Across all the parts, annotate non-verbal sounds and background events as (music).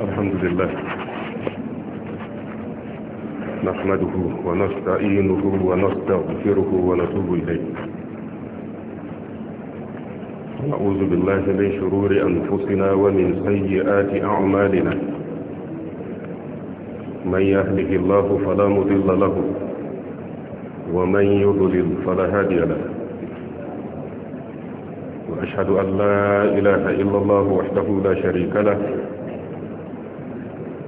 الحمد لله نحمده ونستعينه ونستغفره ونتوب إليه نعوذ بالله من شرور أنفسنا ومن سيئات أعمالنا من يهده الله فلا مضل له ومن يضلل فلا هادي له وأشهد أن لا إله إلا الله وحده لا شريك له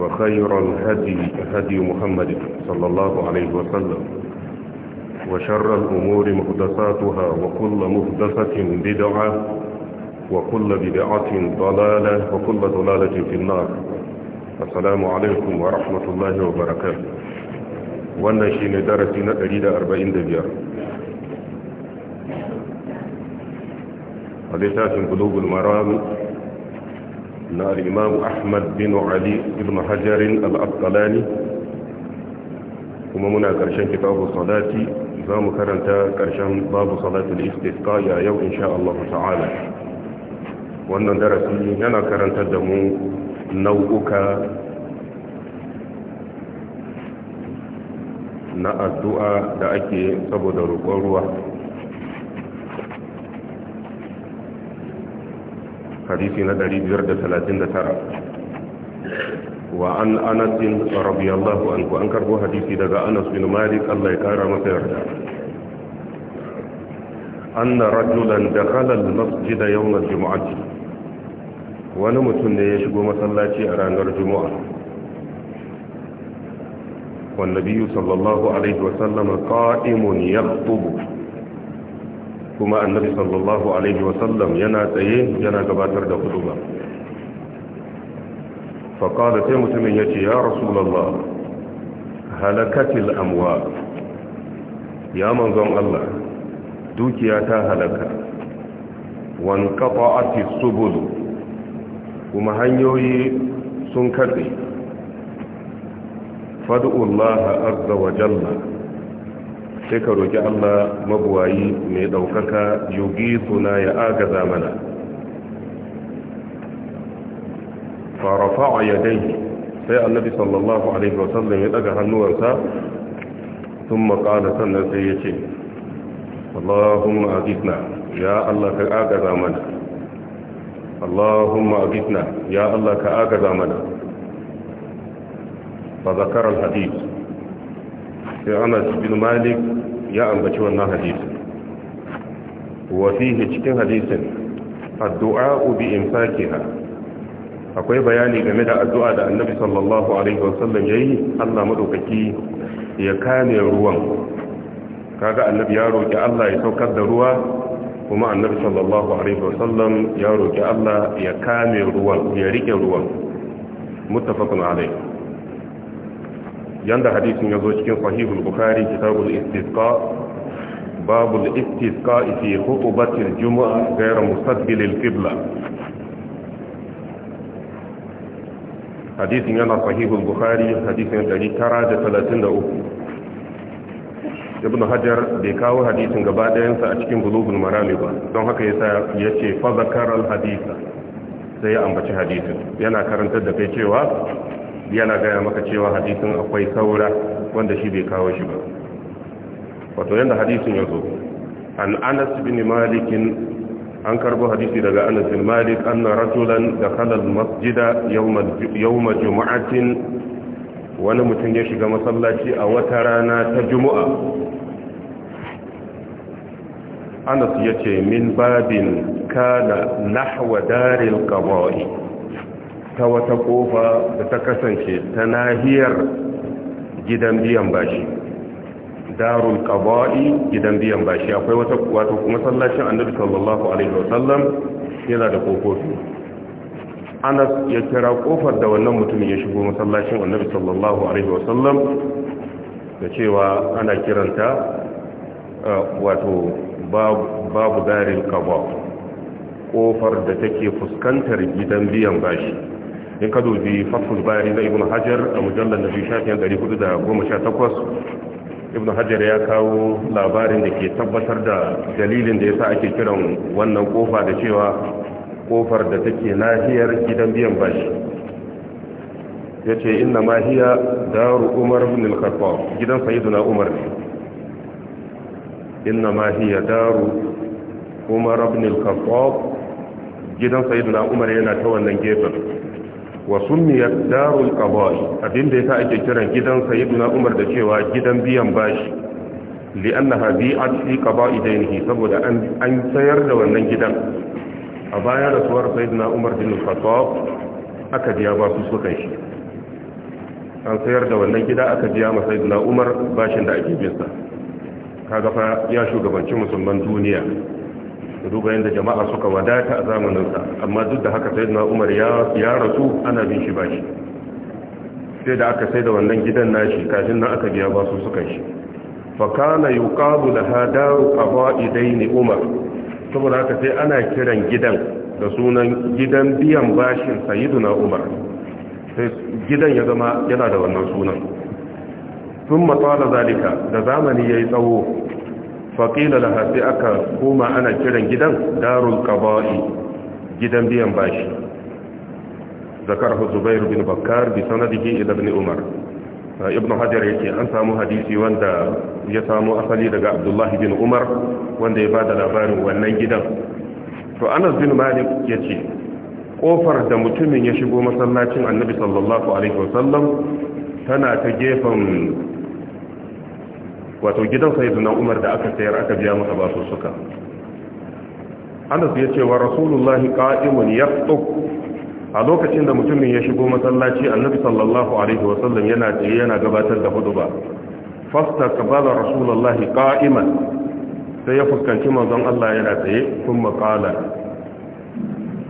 وخير الهدي هدي محمد صلى الله عليه وسلم وشر الأمور مهدساتها وكل مهدسة بدعة وكل بدعة ضلالة وكل ضلالة في النار السلام عليكم ورحمة الله وبركاته wannan shi ne darasi na 145 a قلوب gulubul na al'imamu ahmad bin ali ibn hajarin al'abdalani kuma muna ƙarshen kitabu salati za mu karanta ƙarshen babu salatul istisqa ya yau insha Allah ta'ala wannan darasi yana karantar da mu nau'uka na addu'a da ake saboda roƙon ruwa hadisi na 539 wa an anas bin radiyallahu anhu an karbo hadisi daga anas bin malik Allah ya kara masa yarda anna rajulan dakhala al-masjid yawm al wani mutum ne ya shigo masallaci a ranar juma'a والنبي صلى الله عليه وسلم قائم يخطب kuma annabi sallallahu alaihi wasallam yana tsaye yana gabatar da huduba faƙada sai mutumin ya ce ya rasulallah halakatil amwa ya manzon Allah dukiya ta halaka wani kafa subulu kuma hanyoyi sun katse fadu'ullaha azza wa jalla sai ka roƙi Allah mabuwayi mai ɗaukaka yugi suna ya agaza mana farafa'a yadayhi sai annabi sallallahu alaihi wasallam ya ɗaga hannuwansa thumma qala sannan sai yace Allahumma aghithna ya Allah ka agaza mana Allahumma aghithna ya Allah ka agaza mana fa zakara al-hadith sai Anas bin Malik ya ambaci wannan hadisin wa fihi cikin hadisin addu'a Ubi in sake ha. akwai bayani game da addu'a da annabi sallallahu alaihi wasallam yi Allah madaukaki ya kame ruwan kaga annabi ya roƙi Allah ya saukar da ruwa kuma annabi sallallahu alaihi wasallam ya roƙi Allah ya kame ruwan ya rike ruwan muttafaqun alaihi yanda hadisin ya zo cikin sahihul bukhari kitabul istisqa babul istisqa fi khutbatil jumu'a ghayra mustaqbilil qibla hadisin yana sahihul bukhari hadisin uku. ibn hajar bai kawo hadisin gaba dayansa a cikin bulugul marami ba don haka yasa yace fa zakara al hadisa sai ya ambaci hadisin yana karantar da kai cewa yana gaya maka cewa hadisin akwai saura wanda shi bai kawo shi ba wato yadda hadisin ya zo an anas bin malikin an karbo hadisi daga anas bin malik anna rajulan da kalal masjida yawma juma'atin wani mutum ya shiga masallaci a wata rana ta juma'a anas ya ce min babin kana nahwa daril qaba'i ta wata kofa da ta kasance ta nahiyar gidan biyan bashi darul qaba'i gidan biyan bashi akwai wata wato masallacin annabi sallallahu alaihi wasallam yana da kofofi Anas ya kira kofar da wannan mutumin ya shigo masallacin annabi sallallahu alaihi wasallam da cewa ana kiranta uh, wato babu darul qaba kofar da take fuskantar gidan biyan bashi in ka dubi fathul bari na ibn hajar a mujallar na biyu shafin 418 ibn hajar ya kawo labarin da ke tabbatar da dalilin da ya sa ake kiran wannan kofa da cewa kofar da take lahiyar gidan biyan bashi ya ce inna mahiya daru umar bin al-khattab gidan sayyiduna umar ne inna mahiya daru umar bin al-khattab gidan sayyiduna umar yana ta wannan gefen wa sunniyat darul qada'i abinda yasa ake kiran gidan sayyiduna umar da cewa gidan biyan bashi li'annaha bi'at fi qada'i daynihi saboda an an sayar da wannan gidan a bayan rasuwar sayyiduna umar bin khattab aka biya ba su suka shi an sayar da wannan gida aka biya ma sayyiduna umar bashin da ake bin sa kaga fa ya shugabanci musulman duniya da duba yadda jama'a suka wadata a zamaninsa amma duk da haka sayyidina umar ya rasu ana bin shi bashi sai da aka sai da wannan gidan nashi kafin nan aka biya basu suka shi fa da yuqabu a daru qada'idain umar saboda haka sai ana kiran gidan da sunan gidan biyan bashin na umar sai gidan ya zama yana da wannan sunan sun matsala zalika da zamani ya yi tsawo faƙila da Hasi aka koma ana kiran gidan darul Kabari, gidan biyan bashi zakarahu zubair bin bakkar bi sanadihi ila ibn umar ibn hajar yake an samu hadisi wanda ya samu asali daga abdullah bin umar wanda ya bada labarin wannan gidan to anas bin malik yace kofar da mutumin ya shigo masallacin annabi sallallahu alaihi wasallam tana ta gefen wato gidan sayyidina umar da aka sayar aka biya masa basu suka anas ya ce wa rasulullahi qa'imun yaqtu a lokacin da mutumin ya shigo masallaci annabi sallallahu alaihi wasallam yana tsaye yana gabatar da huduba fastaqbala rasulullahi qa'iman sai ya fuskanci manzon Allah yana tsaye kuma qala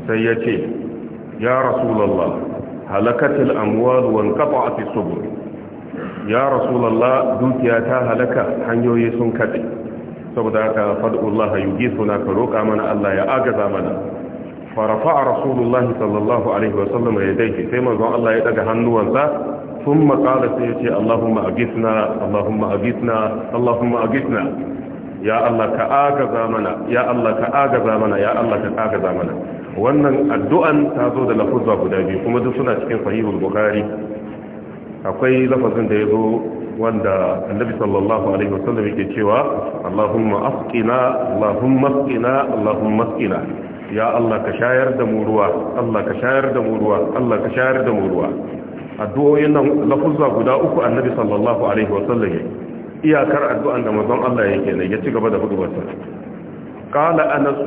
sai ya ce ya rasulullah halakatil amwal wa inqata'at subul ya rasulallah dukiya ta halaka hanyoyi sun kaɗe saboda haka fad'ullah yugi suna ka roƙa mana Allah ya agaza mana farafa a rasulullahi sallallahu alaihi wa sallam ya daiki sai manzon Allah ya daga hannuwansa sun matsala sai ya ce Allahumma agisna Allahumma agisna Allahumma agisna ya Allah ka agaza mana ya Allah ka agaza mana ya Allah ka agaza mana wannan addu'an ta zo da lafuzza guda biyu kuma duk suna cikin sahihul bukhari akwai lafazin da ya zo wanda annabi sallallahu alaihi wasallam yake cewa Allahumma asqina Allahumma asqina Allahumma asqina ya Allah ka shayar da mu ruwa Allah ka shayar da mu ruwa Allah ka shayar da mu ruwa addu'o'in nan lafuzza guda uku annabi sallallahu alaihi wasallam yake iyakar addu'an da manzon Allah yake ne ya ci gaba da hudubarsa qala anas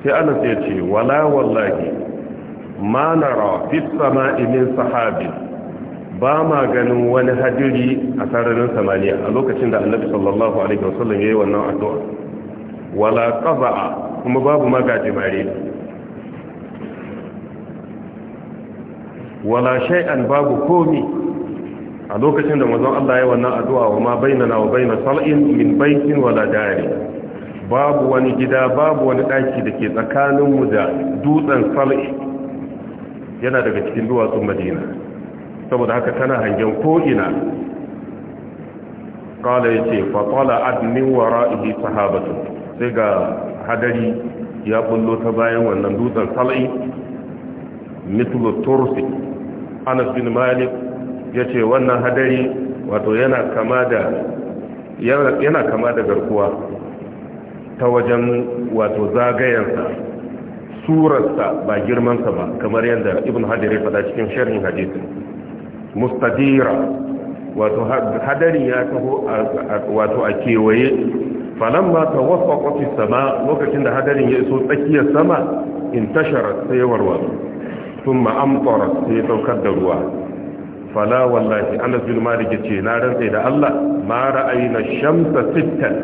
sai anas ya ce wala wallahi ma nara fis sama'i min sahabin ba ma ganin wani hadiri a sararin samaniya a lokacin da annabi sallallahu alaihi wasallam yayi wannan addu'a wala qaza'a kuma babu magaji mare wala shay'an babu komi a lokacin da manzon Allah yayi wannan addu'a wa ma bainana wa baina sal'in min baitin wala dari babu wani gida babu wani daki dake tsakaninmu da dutsen sal'i yana daga cikin duwatsun Madina saboda haka tana hangen ko'ina kala ya ce faƙwala adinin wara ihi sahabatu sai ga hadari ya bullo ta bayan wannan dutsen sal'i mitlu Torsi. anas bin malik ya ce wannan hadari wato yana kama da garkuwa ta wajen wato zagayensa surarsa ba girmansa ba kamar yadda ibn ya fada cikin sharhin hadisi. mustadira wato hadari ya taho wato a kewaye falamma tawaffaqa fi sama lokacin da hadarin ya iso tsakiyar sama intashara sai warwatsu thumma amtara sai saukar da ruwa fala wallahi anas bin malik ce na rantsa da Allah ma ra'ayna shamsa sittan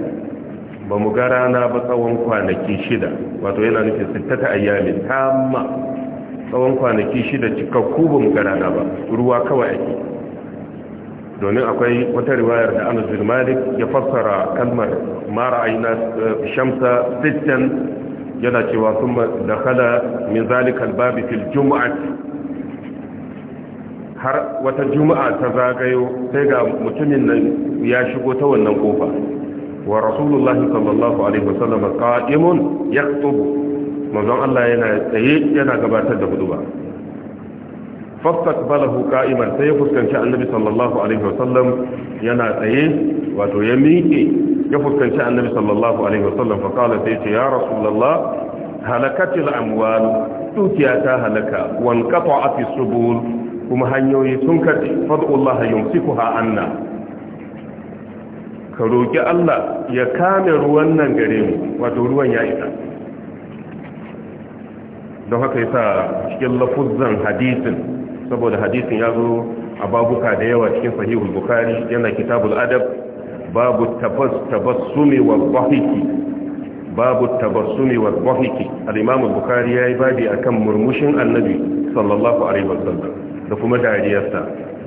ba mu ga rana ba tsawon kwanaki shida wato yana nufin sittata ayyami tamma tsawon kwanaki shida cikakku ba mu garana ba ruwa kawai ake domin akwai wata riwayar da anas bin malik ya fassara kalmar mara aina eh, shamsa sittan yana cewa kuma dakhala min zalika albabi fil har wata juma'a ta zagayo sai ga mutumin nan ya shigo ta wannan kofa wa rasulullahi sallallahu alaihi wasallam qa'imun yaktubu manzon Allah yana tsaye yana gabatar da huduba fastaqbalahu qa'iman sai ya fuskanci annabi sallallahu alaihi wasallam yana tsaye wato ya miƙe ya fuskanci annabi sallallahu alaihi wasallam fa qala sai ce ya rasulullah halakatil amwal dukiya ta halaka wan qata'at subul kuma hanyoyi sun kade fadullah yumsikuha anna ka roki Allah ya kame ruwan nan gare mu wato ruwan ya isa don haka yasa cikin lafuzzan hadisin saboda hadisin ya zo a babuka da yawa cikin sahihul bukari yana kitabul adab babu tabassumi wa dhahiki babu tabassumi wa dhahiki al-imam al-bukhari yayi babi akan murmushin annabi sallallahu alaihi wasallam da kuma dariyarsa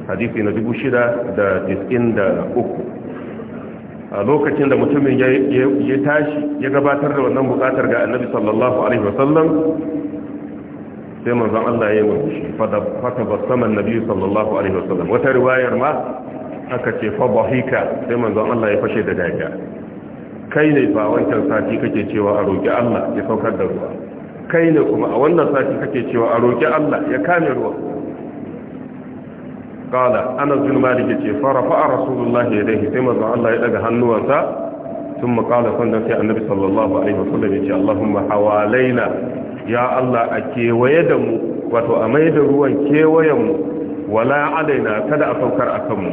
hadisi na da 6093 a lokacin da mutumin ya tashi ya gabatar da wannan bukatar ga annabi sallallahu alaihi wasallam sai manzon Allah ya murmushi fata basaman nabi sallallahu alaihi wasallam wata riwayar ma aka ce fa bahika sai manzon Allah ya fashe da dariya kai ne ba wancan sati kake cewa a roki Allah ya saukar da ruwa kai ne kuma a wannan sati kake cewa a roki Allah ya kame ruwa qala ana bin malik ce fa rafa'a rasulullahi yadayhi sai manzon Allah ya daga hannuwansa thumma qala sannan sai annabi sallallahu alaihi wasallam ya ce allahumma hawalaina ya Allah a kewaye da mu wato a mai da ruwan kewayen mu wala alaina kada a saukar a kanmu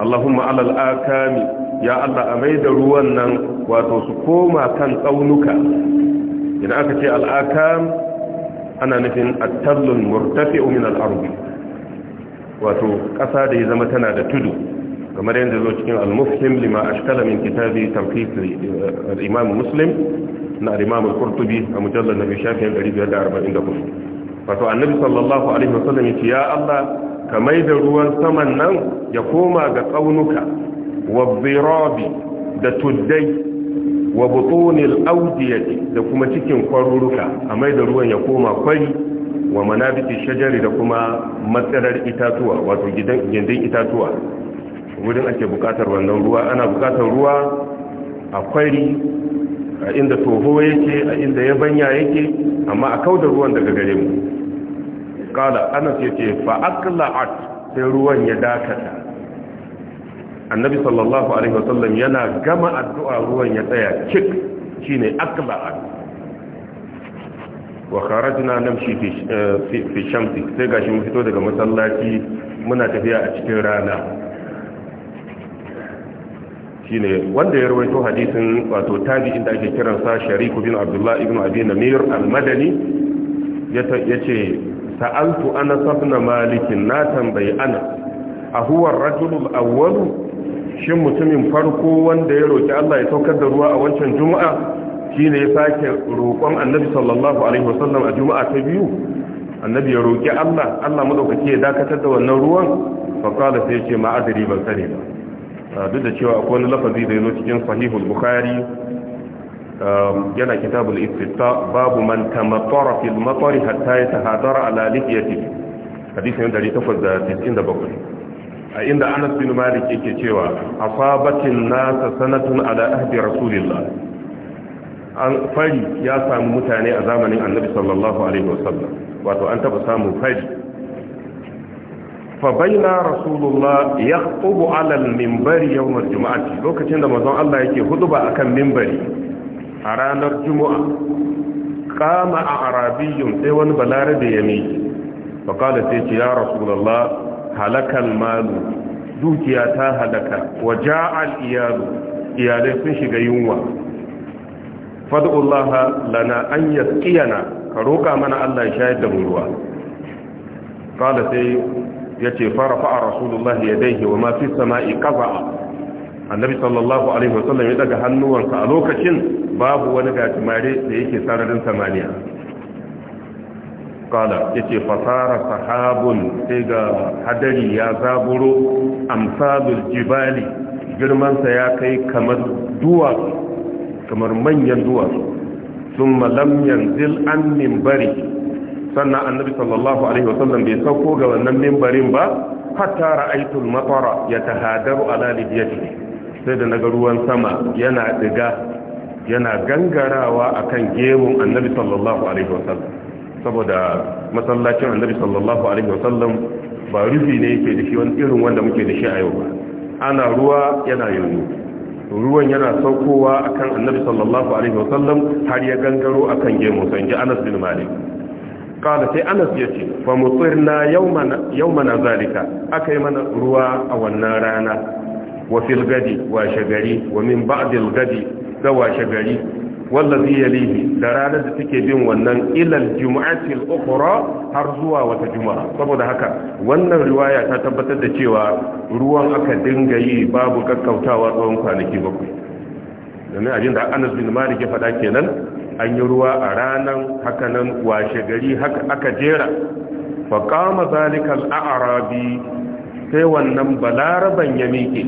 Allahumma alal akami ya Allah a mai da ruwan nan wato su koma kan tsaunuka idan aka ce al'aka ana nufin attallun murtafi'u min al'arbi wato ƙasa da ya zama tana da tudu kamar yadda zo cikin al-muslim lima ashkala min kitabi tawfiq eh, al-imam muslim na al-imam al-qurtubi a mujallal na shafin 544 wato annabi sallallahu alaihi wasallam yace ya Allah ka maida ruwan saman nan ya koma ga tsaunuka wa zirabi da tuddai wa butunil awdiyati da kuma cikin kwaruruka a maida ruwan ya koma kwari wa manabiti shajari da kuma matsalar itatuwa wato gindin itatuwa wurin ake bukatar wannan ruwa ana bukatar ruwa a kwari a inda toho yake a inda ya yabanya yake amma a kauda ruwan daga gare mu kala anas ce fa aqla'at sai ruwan ya dakata annabi sallallahu alaihi wasallam yana gama addu'a ruwan ya tsaya cik shine aqla'at wa kharajna namshi fi eh, shamsi sai gashi mu fito daga masallaci muna tafiya a cikin rana shine wanda ya rawaito hadisin wato tabi'in da ake kiran sa shariku bin abdullah ibn abi namir al-madani ce sa'altu ana ibn malikin na tambayi ana a ar-rajul al shin mutumin farko wanda ya roki Allah ya saukar da ruwa a wancan juma'a shine ya sake roƙon annabi sallallahu alaihi wasallam a juma'a ta biyu annabi ya roki Allah Allah madaukake ya dakatar da wannan ruwan fa qala sai ce ma adri ban sani ba Ah, duk da cewa akwai wani lafazi da yazo cikin sahihul bukhari um, yana kitabul istisqa babu man tamattara fil matar hatta yatahadara ala lihiyati hadisin 897 a inda Anas bin Malik yake cewa asabatin nasa sanatun ala ahdi rasulillah an fari ya samu mutane a zamanin Annabi sallallahu alaihi wasallam wato an taba samu fari fabaina rasulullah ya ƙubu alal mimbari yawmar juma'ati lokacin da mazan Allah yake huduba akan mimbari a ranar juma'a kama a arabiyyun sai wani balarabe ya miki faƙada sai ce ya rasulullah halakal malu dukiya ta halaka wa ja'al iyalu iyalai sun shiga yunwa fad'ullaha lana an yasqiyana ka roka mana Allah ya shayar da mu ruwa qala sai yace farafa rasulullahi yadayhi wa ma fi kaza a annabi sallallahu alaihi wasallam ya daga hannuwansa a lokacin babu wani gajimare da yake sararin samaniya kala yace fasara sahabun sai ga hadari ya zaburo amsalul jibali girmansa ya kai kamar duwatsu kamar manyan duwatsu sun malam yanzil an bari. sannan annabi sallallahu alaihi wasallam bai sauko ga wannan mimbarin ba hatta ra'aitul matara ya tahadaru ala libiyati sai da naga ruwan sama yana diga yana gangarawa akan gemun annabi sallallahu alaihi wasallam saboda masallacin annabi sallallahu alaihi wasallam ba rufi ne yake da shi wani irin wanda muke da shi a yau ba ana ruwa yana yoyo ruwan yana saukowa akan annabi sallallahu alaihi wasallam har ya gangaro akan gemun sanji Anas bin Malik kala sai anas ya ce fa yau yawmana zalika aka yi mana ruwa a wannan rana wa fil gadi wa shagari wa min ba'dil gadi da wa shagari wallazi yalihi da ranar da take bin wannan ilal jumu'ati al-ukhra har zuwa wata juma'a saboda haka wannan riwaya ta tabbatar da cewa ruwan aka dinga yi babu kakkautawa tsawon kwanaki bakwai domin abin da Anas bin Malik ya faɗa kenan an yi ruwa a ranan hakanan washe gari haka aka jera faƙama zalikal a'arabi sai wannan balaraban ya miƙe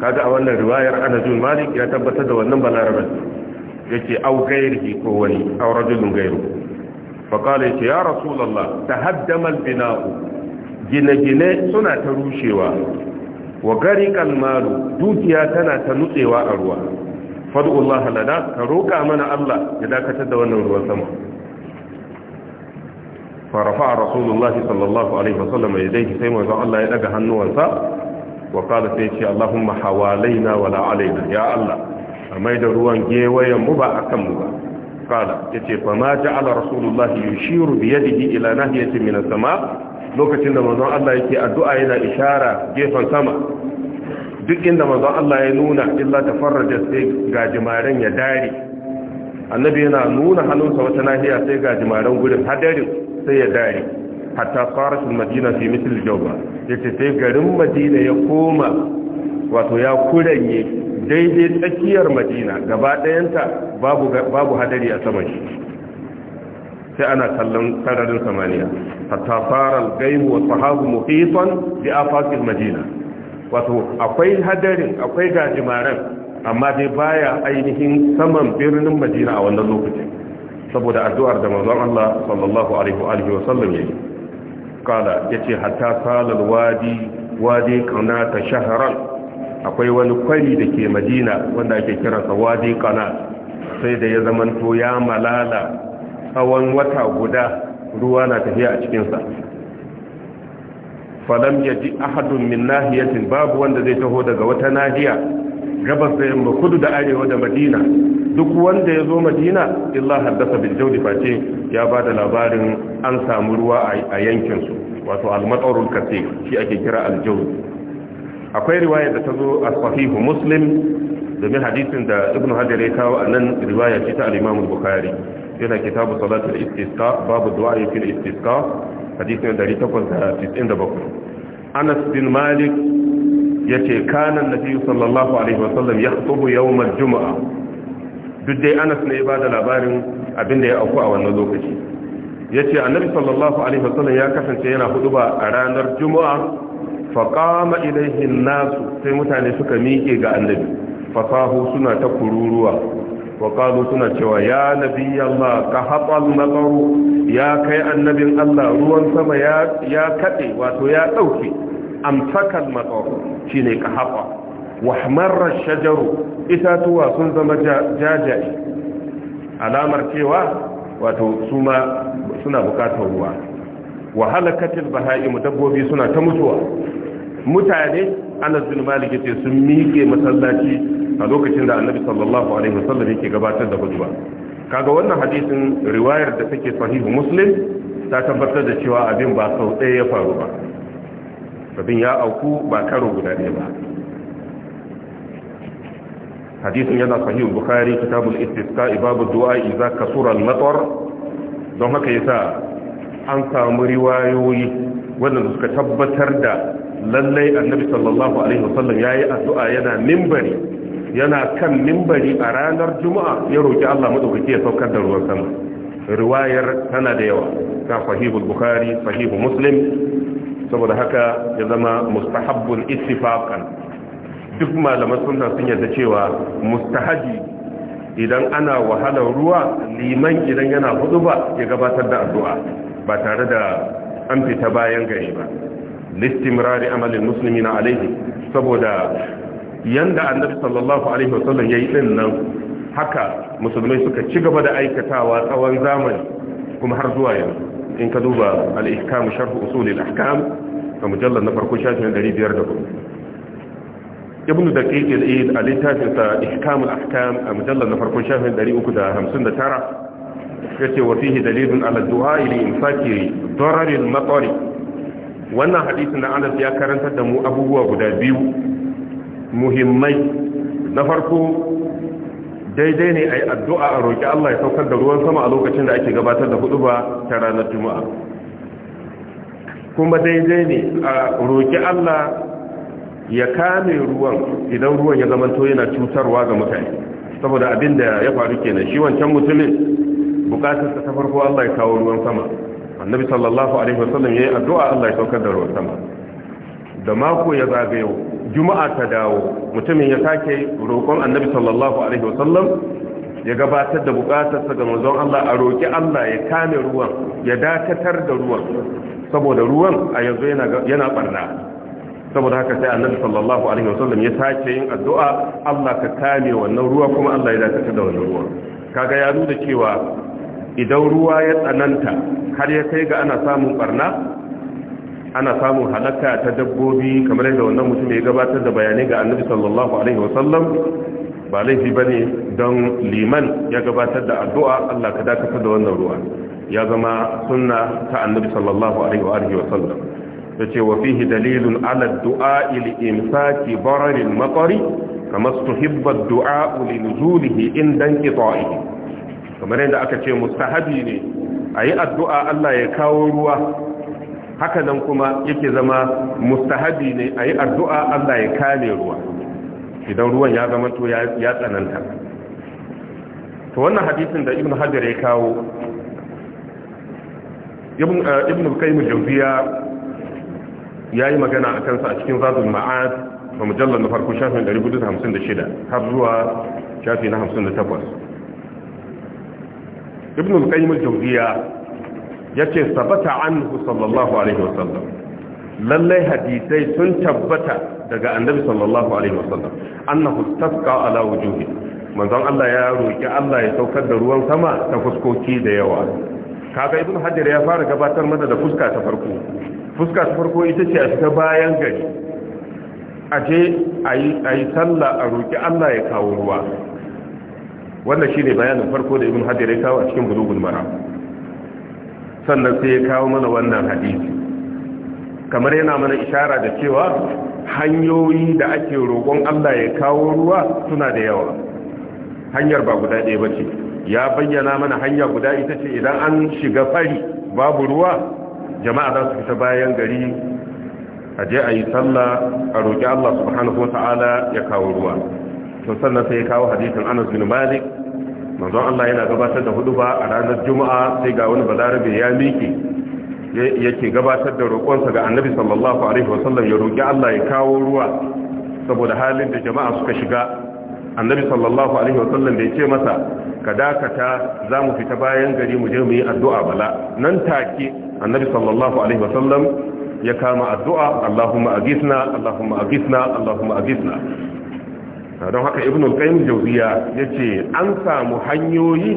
kaga a wannan riwayar anajun malik ya tabbatar da wannan balaraban yake au gairihi ko wani au rajulun gairu faƙala yake ya rasulallah ta haddamal bina'u gine-gine suna ta rushewa wa gari kalmalu dukiya tana ta nutsewa a ruwa fad'ullah lana ka roka mana Allah ya dakatar da wannan ruwan sama fa rafa'a rasulullah sallallahu alaihi wasallam yadayhi sai manzo Allah ya daga hannuwansa wa qala sai ce Allahumma hawalaina wala alaina ya Allah amai da ruwan gewayen mu ba akan mu ba qala yace fa ma ja'ala rasulullah yushiru bi yadihi ila nahiyatin min as-sama lokacin da manzon Allah yake addu'a yana ishara gefen sama duk inda manzon Allah ya nuna illa tafarraja sai ga jimaren ya dare annabi yana nuna hannunsa wata nahiya sai ga jimaren gurin hadarin sai ya dare hatta farat madina fi mithl jawba yace sai garin madina ya koma wato ya kuranye daidai tsakiyar madina gaba dayanta babu babu hadari a saman shi sai ana kallon sararin samaniya hatta faral gaibu wa sahabu muhitan bi afaqil madina wato akwai hadarin akwai gajimaren amma dai baya ainihin saman birnin madina a wannan lokacin saboda addu'ar da manzon Allah sallallahu alaihi wa sallam yi kala yace hatta salal wadi wadi ta shahran akwai wani kwari da ke madina wanda ake kiransa wadi kana sai da ya zamanto ya malala tsawon wata guda ruwa na tafiya a cikinsa falam yaji ahadun min nahiyatin babu wanda zai taho daga wata nahiya gabas da yamma kudu da arewa da madina duk wanda ya zo madina illa haddasa bil jawdi face ya ba da labarin an samu ruwa a yankin su wato al-matarul kasir shi ake kira al-jawdi akwai riwaya da ta zo a sahihu muslim domin hadisin da ibnu hajar ya kawo nan riwaya ce ta al-imam bukhari yana kitabu salatul istisqa babu du'a fil istisqa hadisin 897 Anas bin Malik ya ce, yace na annabi sallallahu alaihi wasallam ya tsohu al-jum'a duk dai Anas ne ba da labarin abinda ya auku a wannan lokaci Ya ce annabi sallallahu alaihi wasallam ya kasance yana ba a ranar juma'a fa qama ilayhi an sai mutane suka miƙe ga annabi fasahu suna ta kururuwa wa suna cewa ya nabi Allah ka haɓal maqaru ya kai annabin Allah ruwan sama ya kaɗe wato ya dauke amsakal maqaru shine ka haɓa wa hamarra shajaru itatuwa sun zama jajaye alamar cewa wato suna buƙatar ruwa wa katin bahaimu dabbobi suna ta mutuwa mutane anas bin malik yace sun miƙe masallaci a lokacin da annabi sallallahu alaihi wasallam yake gabatar da hutuba kaga wannan hadisin riwayar da take sahihu muslim ta tabbatar da cewa abin ba sau ɗaya ya faru ba abin ya auku ba karo guda ɗaya ba hadisin yana sahihu bukhari kitabul istisqa babu du'a idza kasura al-matar don haka yasa an samu riwayoyi wanda suka tabbatar da lallai annabi sallallahu alaihi wasallam addu'a yana mimbari yana kan mimbari a ranar juma'a ya roki Allah madaukaki ya saukar da ruwan sama riwayar tana da yawa ta fahimu bukhari sahihu muslim saboda haka ya zama mustahabbun ittifaqan duk malaman suna sun yarda cewa mustahaji idan ana wahalar ruwa liman idan yana hudu ba ya gabatar da addu'a ba tare da an fita bayan gari ba listimrari amalin musulmi na alaihi saboda yanda annabi sallallahu alaihi wasallam yayi din nan haka musulmai suka ci gaba da aikatawa tsawon zamani kuma har zuwa yanzu in ka duba al-ihkam sharh usul al-ahkam ka mujallal na farko shafin 504 ibn daqiq al-eid al-litafin sa ihkam al-ahkam a mujallal na farko shafin 359 yace wa fihi dalilun ala du'a ila infaki darar al-matari wannan hadisin da Anas ya karanta da mu abubuwa guda biyu muhimmai na farko daidai ne yi addu'a a roki Allah ya saukar da ruwan sama a lokacin da ake gabatar da huduba ta ranar Juma'a kuma daidai ne a roki Allah ya kame ruwan idan ruwan ya zamanto yana cutarwa ga mutane saboda abin da ya faru kenan shi wancan mutumin bukatarsa ta farko Allah ya kawo ruwan sama annabi sallallahu alaihi wasallam yayi addu'a Allah ya saukar da ruwan sama da mako ya zagayo juma'a ta dawo mutumin ya sake roƙon annabi sallallahu alaihi wasallam ya gabatar da sa ga manzon Allah a roƙi Allah ya kame ruwan ya dakatar da ruwan saboda ruwan a yanzu yana yana barna saboda haka sai annabi sallallahu alaihi wasallam ya sake yin addu'a Allah ka kame wannan ruwa kuma Allah ya dakatar da wannan ruwa kaga ya nuna cewa idan ruwa ya tsananta har ya kai ga ana samun barna ana samun halaka ta dabbobi kamar yadda wannan mutum ya gabatar da bayanai ga annabi sallallahu alaihi wasallam ba laifi ne don liman ya gabatar da addu'a Allah ka dakatar da wannan ruwa ya zama sunna ta annabi sallallahu alaihi wa alihi yace wa fihi dalilun ala du'a il imsaki bararil maqari kama tuhibba ad-du'a li nuzulihi inda inqita'ihi kamar yadda aka ce mustahabi ne a yi addu'a Allah ya kawo ruwa haka nan kuma yake zama mustahabi ne a yi addu'a Allah ya kame ruwa idan ruwan ya zama to ya tsananta to wannan hadisin da ibn hajar ya kawo ibn kai eh, jauziya ya yi magana a kansa a cikin zazun ma'ad a mujallar na farko shafin 456 har zuwa shafi na 58 ibn al-qayyim al-jawziya yace sabata anhu sallallahu alaihi wasallam lallai hadisai sun tabbata daga annabi sallallahu alaihi wasallam annahu tasqa ala wujuhi manzon Allah ya roki Allah ya saukar da ruwan sama ta fuskoki da yawa kaga ibn hajar ya fara gabatar mana da fuska ta farko fuska ta farko ita ce a fita bayan gari a je a yi sallah a roki Allah ya kawo ruwa wannan shine bayanin farko da ibn hajar ya kawo a cikin bulugul mara sannan sai ya kawo mana wannan hadisi kamar yana mana ishara da cewa hanyoyi da ake roƙon Allah ya kawo ruwa suna da yawa hanyar ba guda ɗaya bace ya bayyana mana hanya guda ita ce idan an shiga fari babu ruwa jama'a za su fita bayan gari a je a yi sallah a roƙi Allah subhanahu wa ta'ala ya kawo ruwa to sannan sai ya kawo hadisin Anas bin Malik manzon Allah yana gabatar da hudu ba a ranar Juma'a sai ga wani balarabe ya miki yake gabatar da roƙonsa ga Annabi sallallahu alaihi wasallam ya roƙi Allah ya kawo ruwa saboda halin da jama'a suka shiga Annabi sallallahu alaihi wasallam da ya ce masa ka dakata za mu fita bayan gari mu je mu yi addu'a bala nan take Annabi sallallahu alaihi wasallam ya kama addu'a Allahumma agisna Allahumma agisna Allahumma agisna don haka ibn al-qayyim jawziya yace an samu hanyoyi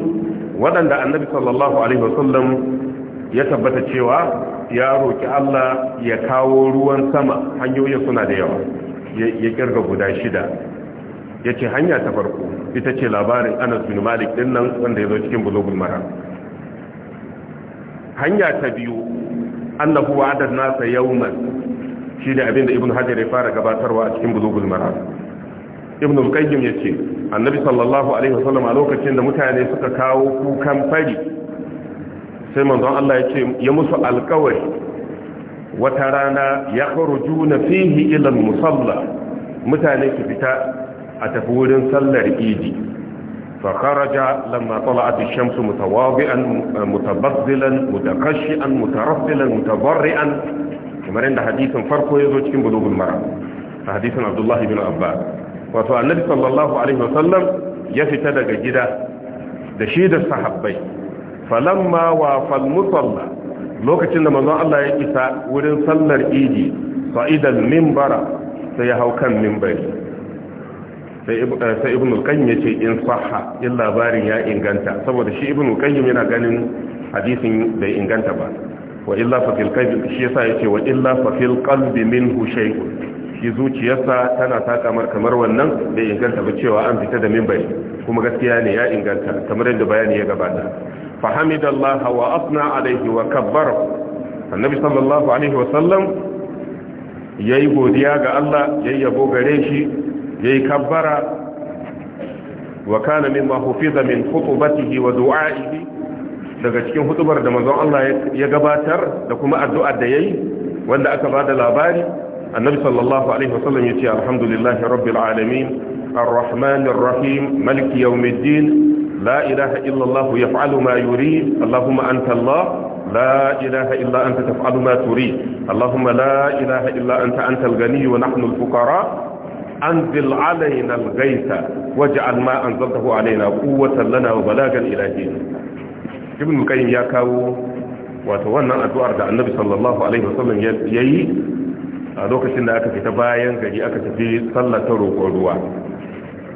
waɗanda annabi sallallahu alaihi wasallam ya tabbata cewa ya roki Allah ya kawo ruwan sama hanyoyin suna da yawa ya kirga guda shida yace hanya ta farko ita ce labarin Anas bin Malik din nan wanda ya zo cikin bulugul mara hanya ta biyu annahu wa'ada nasa yawman shi da abinda ibn hajar ya fara gabatarwa a cikin bulugul mara ibn al-qayyim yace annabi sallallahu alaihi wasallam a lokacin da mutane suka kawo kukan fari sai manzon Allah yace ya musu alƙawari wata rana yakhrujuna fihi ila al-musalla mutane su fita a tafi wurin sallar idi fa kharaja lamma tala'at ash-shamsu mutawadi'an mutabazzilan mutakashian mutaraffilan mutabarri'an kamar inda hadisin farko yazo cikin bulughul maram hadisin Abdullah ibn Abbas wato annabi sallallahu alaihi wasallam ya fita daga gida da shi da sahabbai falamma wa fal musalla lokacin da manzon Allah ya isa wurin sallar idi sa'idal minbara sai ya hau kan minbari sai ibn eh, al-qayyim yace in sahha in labarin ya inganta saboda shi ibn al-qayyim yana ganin hadisin bai inganta ba wa illa fa fil qalbi shi yasa yace wa illa fa fil qalbi minhu shay'un jiki zuciyarsa tana saka mar kamar wannan bai inganta ba cewa an fita da mimbari kuma gaskiya ne ya inganta kamar yadda bayani ya gabata fa hamidallahi wa asna alaihi wa kabbara annabi sallallahu alaihi wa sallam yayi godiya ga Allah yayi yabo gare shi yayi kabbara wa kana mimma hufiza min khutbatihi wa du'a'ihi daga cikin hutubar da manzon Allah ya gabatar da kuma addu'ar da yayi wanda aka bada labari النبي صلى الله عليه وسلم wasallam الحمد لله رب العالمين الرحمن الرحيم ملك يوم الدين لا إله إلا الله يفعل ما يريد اللهم أنت الله لا إله إلا أنت تفعل ما تريد اللهم لا إله إلا أنت أنت الغني ونحن الفقراء أنزل علينا الغيث واجعل ما أنزلته علينا قوة لنا وبلاغا إلى دين ابن القيم يا كاو وتوانا أدوار النبي صلى الله عليه وسلم يي a lokacin da aka fita bayan gari aka tafi sallar ta roƙon ruwa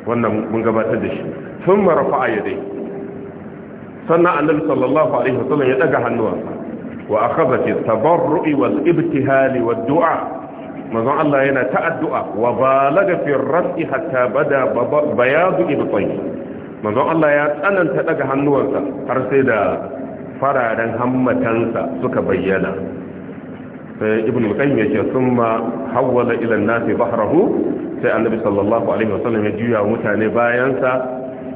wannan mun gabatar da shi sun marafa a yadai sannan annabi sallallahu alaihi wasallam ya daga hannuwansa wa akhadha fi tabarru'i wal ibtihali wad du'a manzon Allah yana ta addu'a wa balaga fi rafi hatta bada bayadu ibtai manzon Allah ya tsananta daga hannuwansa har sai da fararen hammatansa suka bayyana Eh, ibn al ya yake sun hawwala ila an-nasi bahrahu sai annabi sallallahu alaihi wasallam ya juya mutane bayansa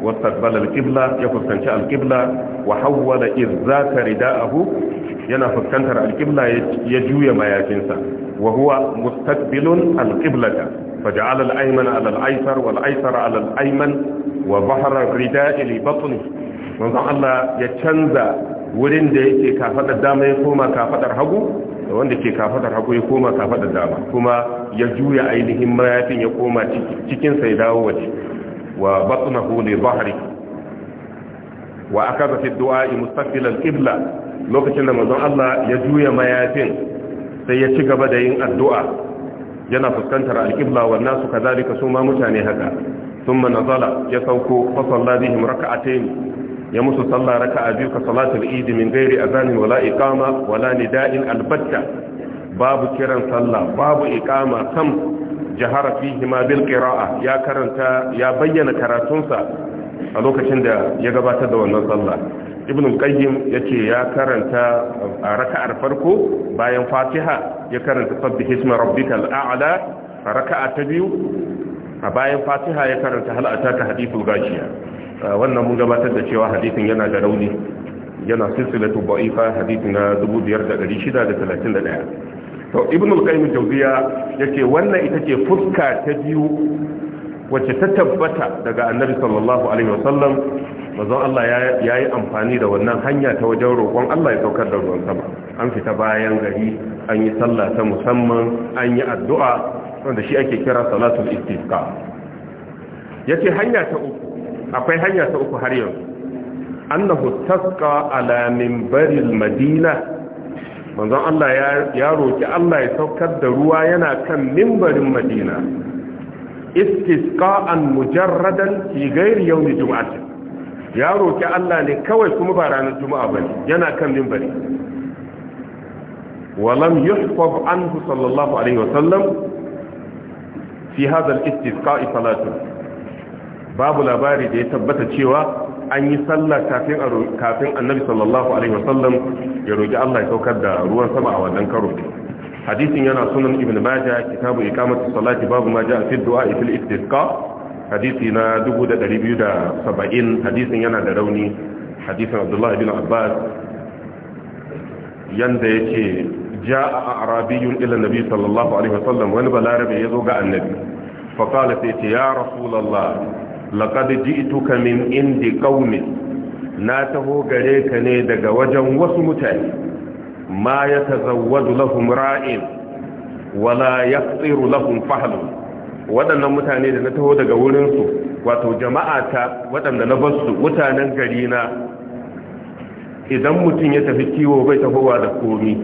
wastaqbala al-qibla ya fuskanci al-qibla wa hawwala izzaka rida'ahu yana fuskantar al ya juya mayakinsa wa huwa mustaqbilun al-qiblata فجعل الأيمن على الأيسر والأيسر على الأيمن وظهر الرداء لبطنه manzon Allah ya canza wurin da yake kafadar dama ya koma kafadar hagu da wanda ke kafadar hagu ya koma kafadar dama kuma ya juya ainihin mayafin ya koma cikin sai dawo waje wa batnahu li dhahri wa akaza fi du'a mustaqbil al-qibla lokacin da manzon Allah ya juya mayafin sai ya ci gaba da yin addu'a yana fuskantar al-qibla wa nasu kadhalika su mutane haka thumma nazala ya sauko fa salla bihim ya musu sallah raka'a biyu ka salatul eid min ghairi azanin wala iqama wala nida'in albatta babu kiran sallah babu iqama kam jahara fihi ma bil qira'a ya karanta ya bayyana karatunsa a lokacin da ya gabatar da wannan sallah ibn qayyim yace ya karanta a raka'ar farko bayan fatiha ya karanta sabbih isma rabbikal a'la raka'a ta biyu a bayan fatiha ya karanta hal ataka hadithul gashiya Ah, wannan mun gabatar da cewa hadithin yana da rauni yana silsilatu ba'ifa hadithin na 5631 to ibn al-qayyim al-jawziya yace wannan ita ce fuska ta biyu wacce ta tabbata daga annabi sallallahu alaihi wasallam manzon Allah ya yi amfani da wannan hanya ta wajen roƙon Allah ya saukar da ruwan sama an fita bayan gari an yi sallah ta musamman an yi addu'a wanda shi ake kira salatul istisqa yace hanya ta uku akwai hanya ta uku har yanzu annahu taska ala minbaril madina manzon Allah ya roki Allah ya saukar da ruwa yana kan minbarin madina istisqa'an mujarradan fi ghairi yawm jum'ati ya roki Allah ne kawai kuma ba ranar juma'a bane yana kan minbari ولم يحفظ عنه صلى الله عليه وسلم في هذا الاستسقاء صلاته babu labari da ya tabbata cewa an yi sallah kafin annabi sallallahu alaihi wasallam ya roƙi Allah ya saukar da ruwan sama a wannan karo hadisin yana sunan ibn majah kitabu iqamati salati babu ma jaa fi du'a fil istisqa hadisi na 2270 hadisin yana da rauni hadisin abdullahi bin abbas yanda yake جاء أعرابي إلى النبي صلى الله عليه وسلم ونبى العربي يزوج النبي فقال سيتي يا رسول الله laƙad ituka min indi ƙaunin, na taho gare ka ne daga wajen wasu mutane ma ya zawadu lahum ra'in wala ya tsiru lahum fahalu waɗannan mutane da na taho daga wurinsu, wato jama'a ta waɗanda na basu mutanen gari na idan mutum ya tafi kiwo bai tafowa da komi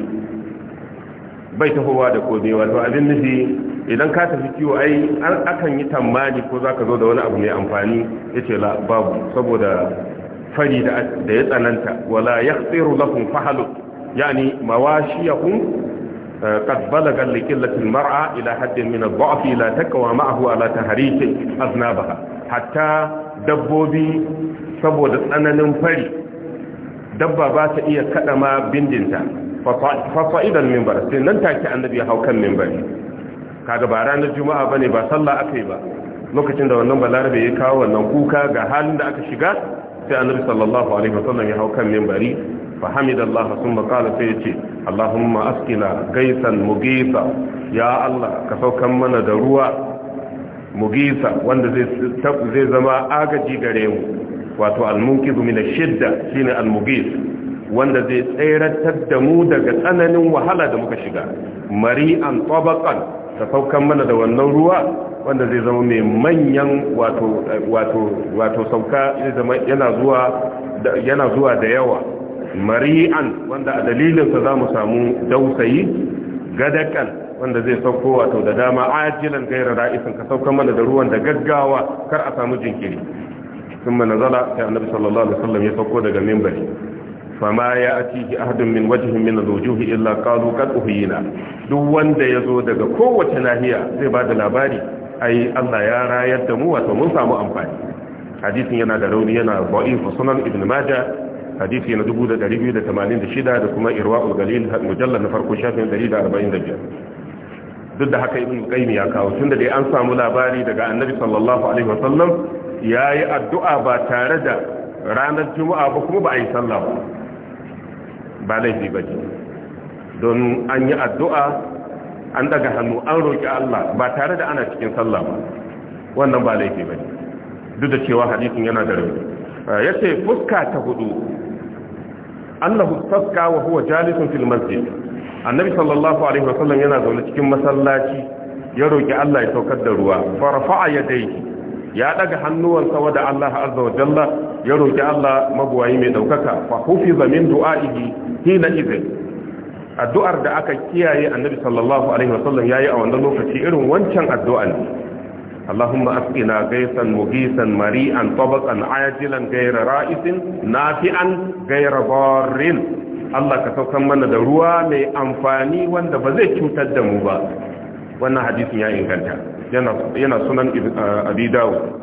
bai tafowa da komi wato abin nufi idan ka tafi kiwo ai akan yi tsammani ko za ka zo da wani abu ne amfani ya ce babu saboda fari da ya tsananta wala ya tsiru lafin fahalo ya shi ya hun katbala eh, gallikin latin mara ila haddin mina ba'afi ila ta kawa ma'ahu ala ta harike azna ba hatta dabbobi saboda tsananin fari dabba ba ta iya kaɗa ma bindinta fafa'idan mimbar sai nan take annabi ya hau kan mimbar kaga ba ranar juma'a bane ba sallah yi ba lokacin da wannan balarabe ya kawo wannan kuka ga halin da aka shiga sai annabi sallallahu alaihi sallam ya hau kan mimbari fa hamidallahu thumma qala sai yace allahumma askina, gaisan mugisa ya allah ka saukan mana da ruwa mugisa wanda zai zama agaji gare mu wato almunkizu min shidda shine almugis wanda zai tseratar da mu daga tsananin wahala da muka shiga mari'an tabaqan ta saukan mana da wannan ruwa wanda zai zama mai manyan wato sauka zai zama yana zuwa da yawa mari'an wanda a dalilinsa za mu samu dausayi gadakan wanda zai sauko wato da dama ajilan gairar ra'isin ka saukan mana da ruwan da gaggawa kar a samu jinkiri sun manazala sai annabi sallallahu alaihi wasallam ya sauko daga mimbari fama ya aciki ahadun min wajhin min alwujuhi illa qalu qad duk wanda zo daga kowace nahiya zai bada labari ai Allah ya rayar da mu wato mun samu amfani hadisin yana da rauni yana da'if sunan ibn majah hadisi na da kuma irwaul galil mujallal na farko shafin 145 duk da haka ibn qayyim ya kawo tunda dai an samu labari daga annabi sallallahu alaihi wasallam yayi addu'a ba tare da ranar juma'a ba kuma ba a yi sallah ba ba laifi ba ne don an yi addu'a an daga hannu an roƙi Allah ba tare da ana cikin sallah ba wannan ba laifi ba ne duk da cewa hadisin yana da rauni eh, ya ce fuska ta hudu annahu saska wa huwa jalisun fil masjid annabi sallallahu alaihi wasallam yana zaune cikin masallaci ya roƙi Allah ya saukar da ruwa farfa'a yadayhi ya daga hannuwan sawa da Allah azza wa jalla ya roki Allah magwayi mai daukaka fa hufiza min du'a'ihi hina idin addu'ar da aka kiyaye annabi sallallahu alaihi wasallam yayi a wannan lokaci irin wancan addu'a ne Allahumma asqina ghaysan mughisan mari'an tabaqan ajilan ghayra ra'isin nafi'an ghayra barrin Allah ka saukan mana da ruwa mai amfani wanda ba zai cutar da mu ba wannan hadisin ya inganta yana sunan abi dawo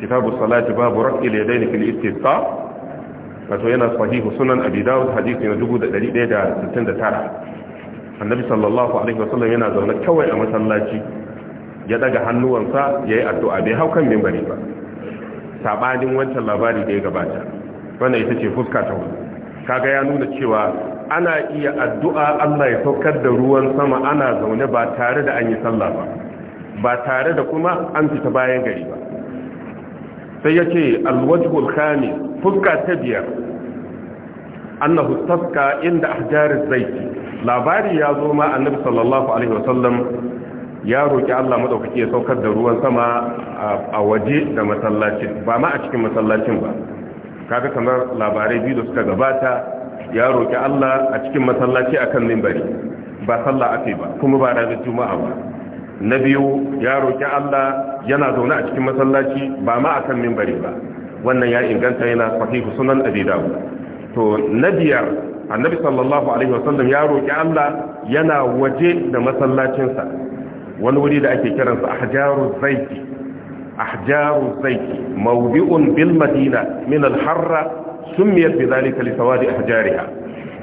kitabu salati babu ya yadaini fili istisqa wato yana sahihu sunan abi dawo hadisi na 1169 annabi sallallahu alaihi wasallam yana zaune kawai a masallaci ya daga hannuwansa ya yi addu'a bai haukan mimbari ba saɓanin wancan labari da ya gabata wannan ita ce fuska ta wani. kaga ya nuna cewa ana iya addu'a Allah ya saukar da ruwan sama ana zaune ba tare da an yi sallah ba ba tare da kuma an fita bayan gari ba sai yace alwajhul khani fuska ta biyar annahu taska inda zai zaiti labari ya zo ma annabi sallallahu alaihi wasallam ya roki Allah madaukaki ya saukar da ruwan sama a waje da masallacin ba ma a cikin masallacin ba kaga kamar labarai biyu da suka gabata ya roki Allah a cikin masallaci akan minbari ba sallah ake ba kuma ba ranar juma'a ba na biyu ya roƙi Allah yana zaune a cikin masallaci ba ma akan mimbari ba wannan ya inganta yana sahihu sunan abi dawud to na biyar annabi sallallahu alaihi wasallam ya roƙi Allah yana waje da masallacinsa wani wuri da ake kiransa ahjaru zaiti ahjaru bilmadina mawdi'un bil madina min al harra summiyat bidhalika li sawadi ahjariha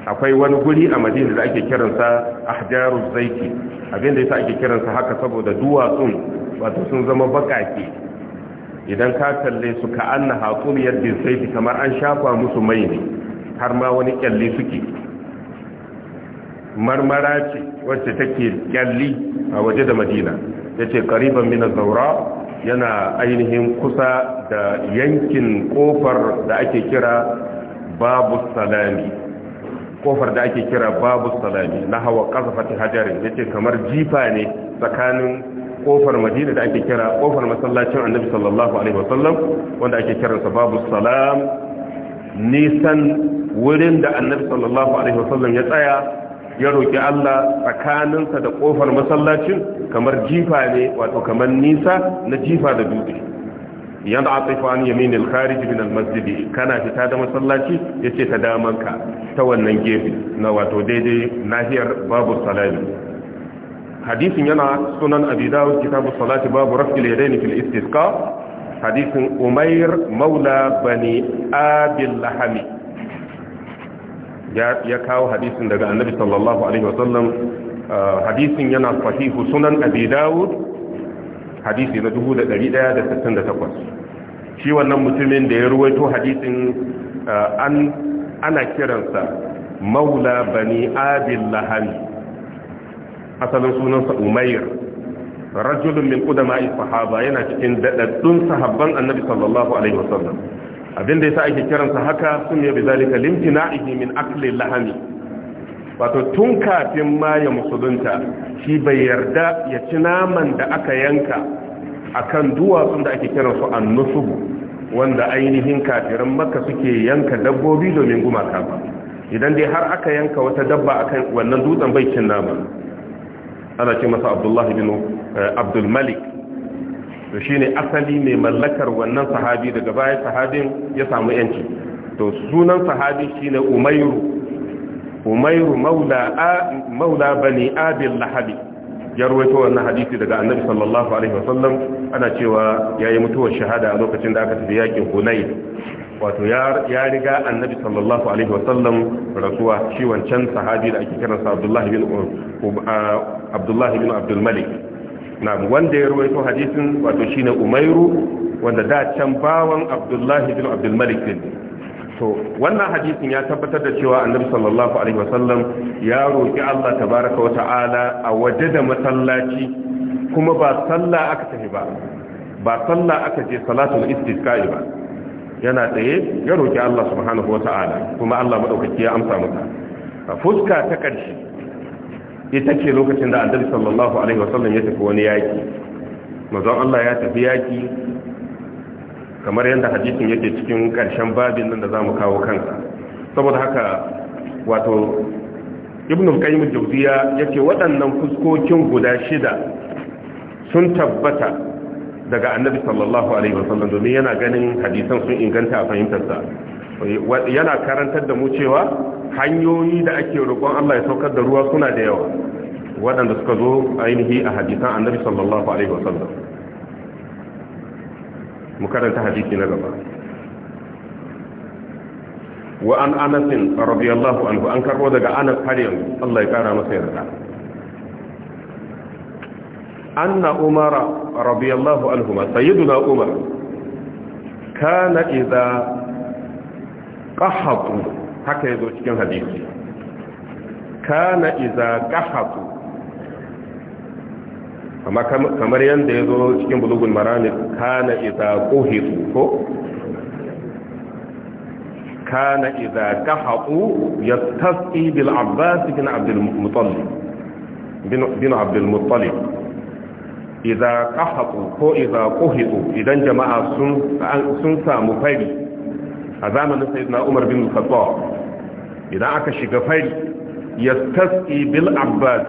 akwai wani guri a madina da ake kiransa ahjaru zaiti abin da yasa ake kiransa haka saboda duwatsun wato sun zama bakake idan ka kalle su ka anna haƙum yadda zai kamar an shafa musu mai ne har ma wani kyalli suke marmara ce wacce take kyalli a waje da madina ya ce ƙariban mina zaura yana ainihin kusa da yankin ƙofar da ake kira babu salami kofar da ake kira babu salami na hawa kasafati ya ce kamar jifa ne tsakanin kofar madina da ake kira kofar masallacin annabi sallallahu alaihi wasallam wanda ake kiransa babu salam nisan wurin da annabi sallallahu alaihi wasallam ya tsaya ya roki Allah tsakaninsa da kofar masallacin kamar jifa ne wato kamar nisa na jifa da dutse yanda atifu an yamin kharij min al-masjid kana fita da masallaci yace ta ka. ta wannan gefe na wato daidai nahiyar babu salami hadisin yana sunan abi dawud kitabu salati babu raf'il yadayn fil istisqa hadisin umair maula bani abil lahami ya kawo hadisin daga annabi sallallahu alaihi wasallam ah, hadisin yana sahihu sunan abi dawud hadisi na 1168 shi wannan mutumin da ya ruwaito hadisin uh, ana kiransa maula bani abin asalin sunansa umair rajulun min kudama sahaba yana cikin daɗaɗɗun sahabban annabi sallallahu alaihi wasallam abinda yasa ake kiransa haka sun yabi zalika limtina'ihi min akli Lahani. wato tun kafin ma ya musulunta shi bai yarda ya ci naman da aka yanka akan duwatsun da ake kiran su annusubu wanda ainihin kafiran maka suke yanka dabbobi domin gumaka ba idan dai har aka yanka wata dabba akan wannan dutsen bai cin naman ana ce masa abdullahi bin eh, abdul malik to ne asali mai mallakar wannan sahabi daga baya sahabin ya samu yanci to sunan sahabi shine Umairu. umairu maula bani abin lahabi ya ruwaito wannan hadisi daga annabi sallallahu alaihi wasallam ana cewa ya yi mutuwar shahada a lokacin da aka tafi yakin hunayi wato ya riga annabi sallallahu alaihi wasallam rasuwa shi wancan sahabi da ake kiransa abdullahi bin abdullahi bin abdul malik na wanda ya ruwaito hadisin wato shine umairu wanda da can bawan abdullahi bin abdul malik din to wannan hadisin ya tabbatar da cewa annabi sallallahu alaihi wasallam ya roki Allah tabaraka wata'ala a waje da masallaci kuma ba sallah aka tafi ba ba sallah aka je salatul istisqa'i ba yana tsaye ya roki Allah subhanahu wata'ala kuma Allah madaukaki ya amsa masa fuska ta ƙarshe ita ce lokacin da annabi sallallahu alaihi wasallam ya tafi wani yaki manzon Allah ya tafi yaki kamar yadda hadisin yake cikin ƙarshen babin nan da za mu kawo kansa saboda haka wato ibn qayyim jawziya yake waɗannan fuskokin guda shida sun tabbata daga annabi sallallahu alaihi wasallam domin yana ganin hadisan sun inganta a fahimtarsa yana karantar da mu cewa hanyoyi da ake roƙon Allah ya saukar da ruwa suna da yawa waɗanda suka zo ainihi a hadisan annabi sallallahu alaihi wasallam mu karanta hadisi na gaba wa an anasin anas radiyallahu anhu an karbo daga anas har yanzu Allah ya kara masa yarda anna umara radiyallahu anhu sayyiduna umar kana idza qahatu haka yazo cikin hadisi ka kana idza qahatu amma kamar yadda ya zo cikin bulugun marami kana iza ƙohisu ko kana iza kahaku ya tafi bil abbas bin abdulmutallib bin abdulmutallib iza kahaku ko iza ƙohisu idan jama'a sun samu fari a zamanin sai na umar bin khattab idan aka shiga fari ya tafi bil abbas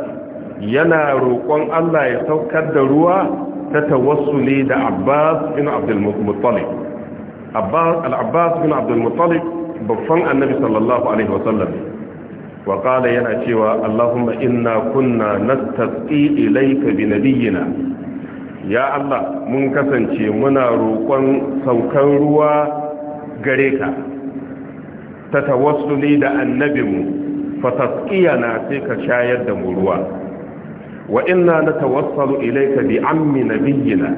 yana roƙon Allah ya saukar da ruwa ta tawassuli da Abbas bin Abdul Muttalib Abbas al-Abbas bin Abdul Muttalib babban annabi sallallahu alaihi wasallam wa qala yana cewa Allahumma inna kunna nastasqi ilayka bi nabiyyina ya Allah mun kasance muna roƙon saukan ruwa gare ka ta tawassuli da annabinmu na sai ka shayar da mu ruwa wa na natawassalu ilaika bi ammi nabiyyina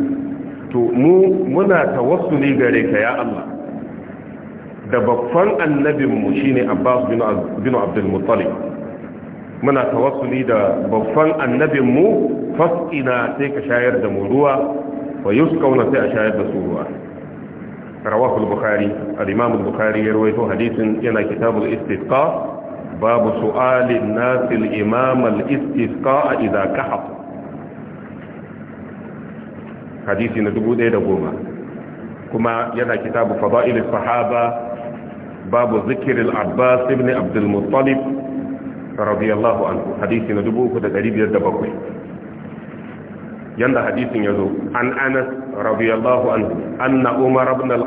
to mu muna tawassuli gare ka ya Allah da babban mu shine Abbas bin Abdul Muttalib muna tawassuli da babban annabinmu fasina sai ka shayar da mu ruwa wa yusqawna sai a shayar da su ruwa rawahu al-bukhari al-imam al-bukhari ya rawaito hadithin yana kitabul istisqa babu su'alin nasil imam al a idza kahab hadisi na 1010 kuma yana kitabu fada'il as-sahaba babu zikr al-abbas ibn abd al-muttalib radiyallahu anhu hadisi na 3507 yanda hadisin yazo an anas radiyallahu anhu anna umar ibn al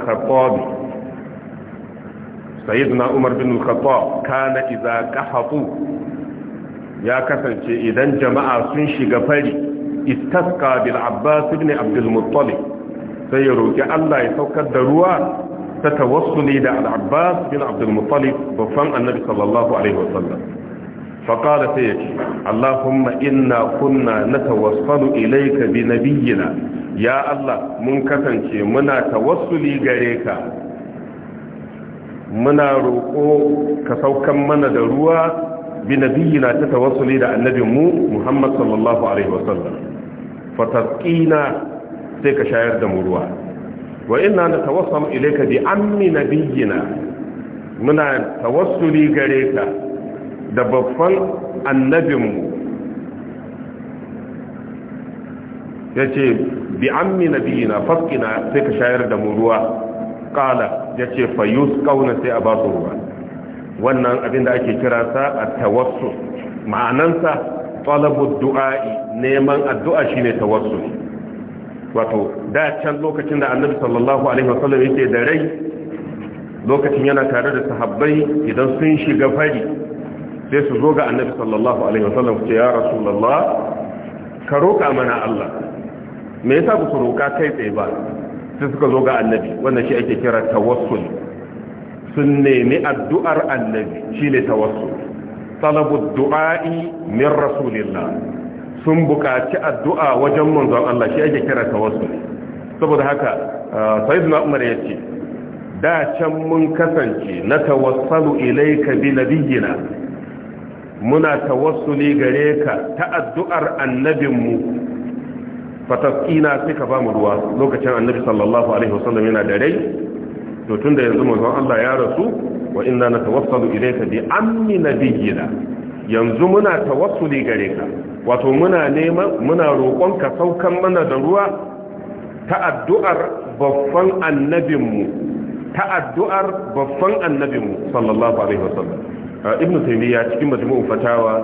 sayyidina umar bin al-khattab kana idza qahatu ya kasance idan jama'a sun shiga fari istasqa bil abbas ibn Abdul muttalib sai ya roki Allah ya saukar da ruwa ta tawassuli da al-abbas bin Abdul muttalib babban annabi sallallahu alaihi wasallam فقال kunna na إنا ilaika bi na بنبينا ya Allah mun kasance muna توصلي gareka. muna roƙo ka saukan mana da ruwa bi nabiyina ta tawassuli da annabin mu Muhammad sallallahu alaihi wasallam fatasqina sai ka shayar da mu ruwa wa ina inna natawassalu ilayka bi ammi biyina muna tawassuli gare ka da babban annabinmu ce bi ammi biyina fasqina sai ka shayar da mu ruwa kala ya ce fayus kauna sai a basu ruwa wannan abin da ake kira sa a tawassu ma'anansa talabu du'a'i neman addu'a shine tawassu wato da can lokacin da annabi sallallahu alaihi wasallam yake da rai lokacin yana tare da sahabbai idan sun shiga fari sai su zo ga annabi sallallahu alaihi wasallam ce ya rasulullah ka roka mana Allah me yasa ku roka kai tsaye ba sai suka zo ga annabi wannan shi ake kira tawassul sun nemi addu'ar annabi shine tawassul talabu du'a'i min rasulillah sun buƙaci addu'a wajen manzon Allah shi ake kira tawassul saboda haka uh, sayyidina Umar yace da can mun kasance na tawassalu ilai bi nabiyyina muna tawassuli gare ka ta addu'ar annabinmu fatasqina sai ka ba mu ruwa lokacin annabi sallallahu alaihi wasallam yana da rai to tunda yanzu manzon Allah ya rasu wa inna natawassalu ilayka bi ammi nabiyyina yanzu muna tawassuli gare ka wato muna neman muna roƙon ka saukan mana da ruwa ta addu'ar babban annabinmu ta addu'ar babban annabinmu sallallahu alaihi wasallam ibnu taymiya cikin majmu'u fatawa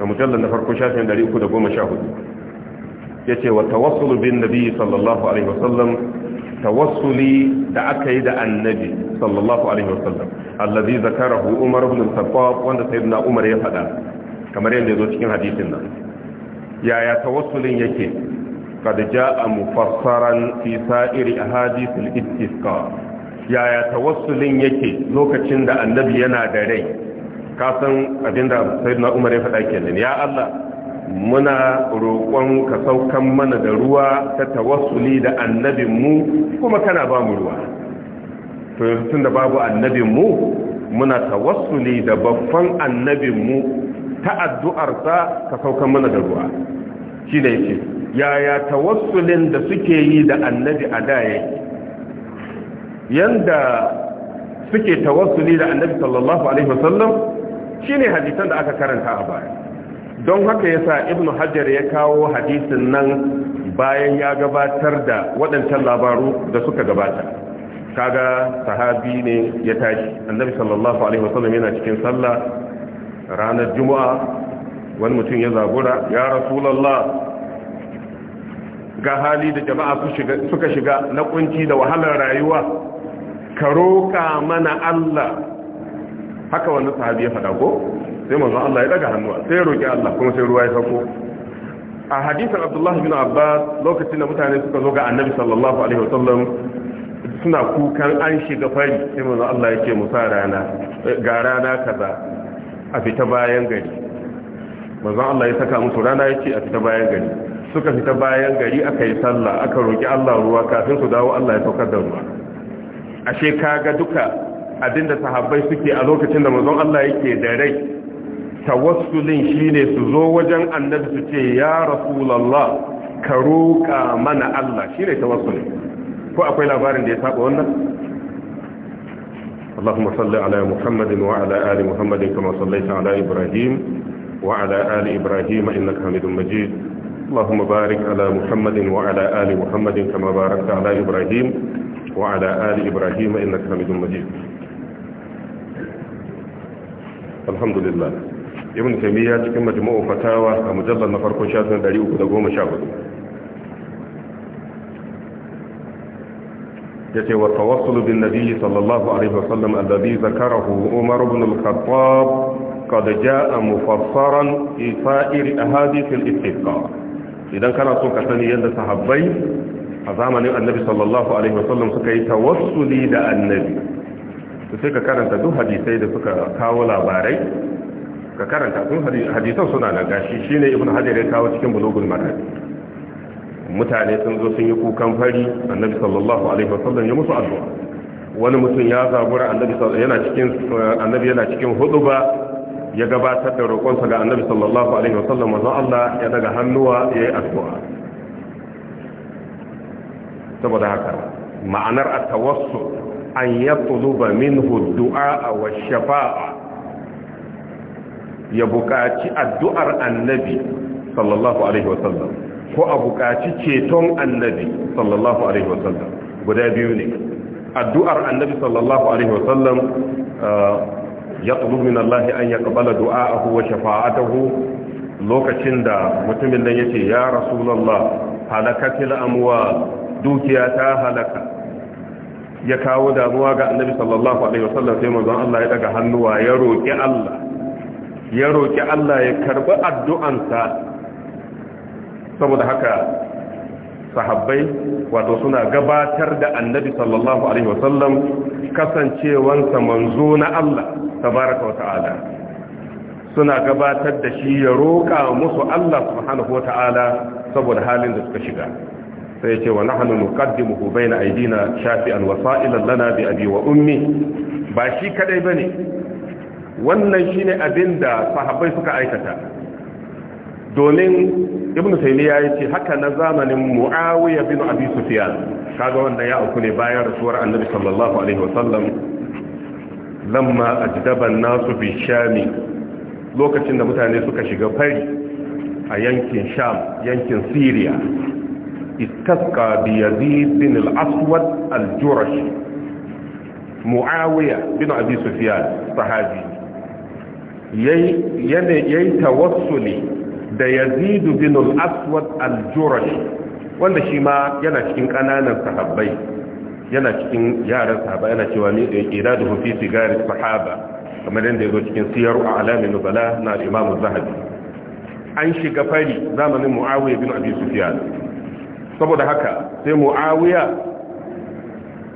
a mujallal na farko shafin 314 ya ce wa tawassul bin nabi sallallahu alaihi wasallam tawassuli da aka yi da annabi sallallahu alaihi wasallam allazi zakarahu umar ibn al-khattab wanda sayyidina umar ya fada kamar yadda yazo cikin hadisin nan yaya tawassulin yake qad jaa mufassaran fi sa'iri ahadith al-ittisqa yaya tawassulin yake lokacin da annabi yana da rai ka san abinda sayyidina umar ya fada kenan ya Allah muna roƙon ka saukan mana da ruwa ta tawassuli da annabinmu kuma kana ba mu ruwa to yanzu tun da babu annabinmu muna tawassuli da babban annabinmu ta addu'arsa ka saukan mana da ruwa shi ne ce yaya tawassulin da suke yi da annabi a daya yanda suke tawassuli da annabi sallallahu alaihi wasallam shine hadisan da aka karanta a baya don haka ya sa Ibn hajjar ya kawo hadisin nan bayan ya gabatar da waɗancan labaru da suka gabata kaga sahabi ne ya tashi annabi sallallahu alaihi wasallam yana cikin sallah ranar juma'a wani mutum ya zagura, ya rasulullah ga hali da jama'a suka shiga na kunci da wahalar rayuwa ka roka mana Allah haka wani sahabi ya faɗa ko sai manzon Allah ya daga hannu sai ya roki Allah kuma sai ruwa ya sauko a hadisin Abdullah bin Abbas lokacin da mutane suka zo ga Annabi sallallahu alaihi wasallam suna kukan an shiga fari sai manzon Allah ya ce musa rana ga rana kaza a fita bayan gari manzon Allah ya saka musu rana ya ce a fita bayan gari suka fita bayan gari aka yi sallah aka roki Allah ruwa kafin su dawo Allah ya saukar da ruwa ashe kaga duka abinda sahabbai suke a lokacin da manzon Allah yake da rai tawassulin shine su zo wajen annabi su ce ya rasulullah ka roƙa mana Allah shine tawassul ko akwai labarin da ya saba wannan Allahumma salli ala Muhammadin wa ala Muhammadin kama sallaita ala Ibrahim wa ala ali Ibrahim innaka Hamidum Majid Allahumma barik ala Muhammadin wa ala Muhammadin kama barakta ala Ibrahim wa ala ali Ibrahim innaka Hamidum Majid Alhamdulillah ibn taymiya cikin majmu'u fatawa a mujallal na farkon shafin 314 yace wa tawassul bin Nabi sallallahu alaihi wasallam alladhi zakarahu umar ibn al-khattab قد جاء مفسرا في سائر احاديث الاستسقاء idan kana so ka sani yadda sahabbai a zamanin annabi sallallahu alaihi wasallam suka yi tawassuli da annabi sai ka karanta duk hadisai da suka kawo labarai ka karanta sun hadisan suna nan gashi shine ibnu hajar ya kawo cikin bulugul maram mutane sun zo sun yi kukan fari annabi sallallahu alaihi wasallam ya musu addu'a wani mutum ya zabura annabi yana cikin annabi yana cikin huduba ya gabatar da roƙonsa ga annabi sallallahu alaihi wasallam manzo Allah ya daga hannuwa ya yi addu'a saboda haka ma'anar at-tawassul an yatluba minhu ad-du'a wa shafa'a ya buƙaci addu'ar annabi sallallahu alaihi wasallam ko a buƙaci ceton annabi sallallahu alaihi wasallam guda biyu ne addu'ar annabi sallallahu alaihi wasallam uh, ya tsubu min Allah an ya ƙabala du'a'ahu wa shafa'atahu lokacin da mutumin nan ya ce ya rasulullah halakatil amuwa dukiya ta halaka ya kawo damuwa ga annabi sallallahu alaihi wasallam sai mazan Allah ya daga hannuwa ya roƙi Allah ya roƙi Allah ya karɓi addu'ansa saboda haka sahabbai wato suna gabatar da annabi sallallahu alaihi wasallam kasancewansa manzo na Allah tabaraka wata'ala suna gabatar da shi ya roƙa musu Allah subhanahu wata'ala saboda halin da suka shiga sai ce wa nahnu nuqaddimuhu bayna aydina shafi'an wasailan sa'ilan lana bi abi wa ummi ba shi kadai bane wannan shine abin da sahabbai suka aikata domin ibn taymiya yace haka na zamanin muawiya bin abi sufyan kaga wanda ya auku ne bayan rasuwar annabi sallallahu alaihi wasallam lamma ajdaba an-nasu bi shami lokacin da mutane suka shiga fari a yankin sham yankin syria istasqa bi yazid bin al-aswad al-jurashi muawiya bin abi sufyan sahabi yayi tawassuli da yazidu bin al-aswad al-jurashi wanda shi ma yana cikin kananan sahabbai yana cikin yaran sahaba yana cewa da eh, iraduhu fi sigari sahaba kamar yadda yazo cikin siyar alamin nubala na imamu zahabi an shiga fari zamanin muawiya bin abi sufyan saboda haka sai muawiya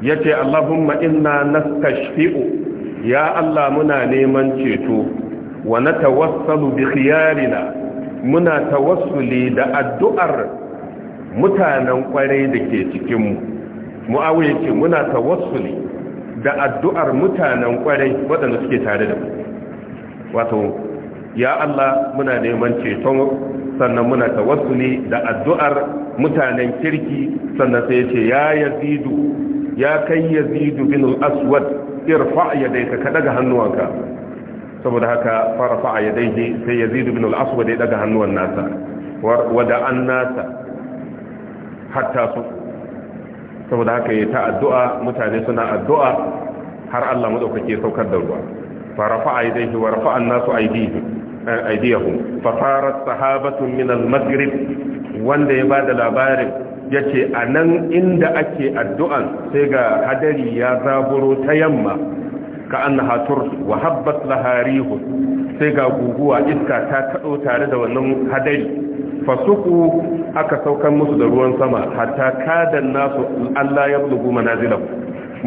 yace allahumma inna nastashfi'u ya allah muna neman ceto wa natawassalu bi khiyarina muna tawassuli da addu'ar mutanen kwarai da ke cikin mu muawiya ce muna tawassuli da addu'ar mutanen kwarai waɗanda suke tare da mu wato ya Allah muna neman ceton sannan muna tawassuli da addu'ar mutanen kirki sannan sai ce ya yazidu ya kai yazidu bin al-aswad irfa yadayka ka daga hannuwanka saboda haka fara fa'a ya yadaihi sai yazid bin al-aswad ya daga hannuwan nasa wada an nasa hatta su saboda haka ya ta addu'a mutane suna addu'a har Allah madaukake saukar da ruwa farafa a yadaihi wa rafa an nasu aidihi eh, aidiyahum fa farat sahabatun min al-maghrib wanda ya ba da labarin ya ce a nan inda ake addu'an sai ga hadari ya zaburo ta yamma ka annaha tur wa habbat laha rihu sai ga guguwa iska ta kado tare da wannan hadari fasuku aka saukan musu da ruwan sama hatta kadan nasu Allah ya bugu manazilahu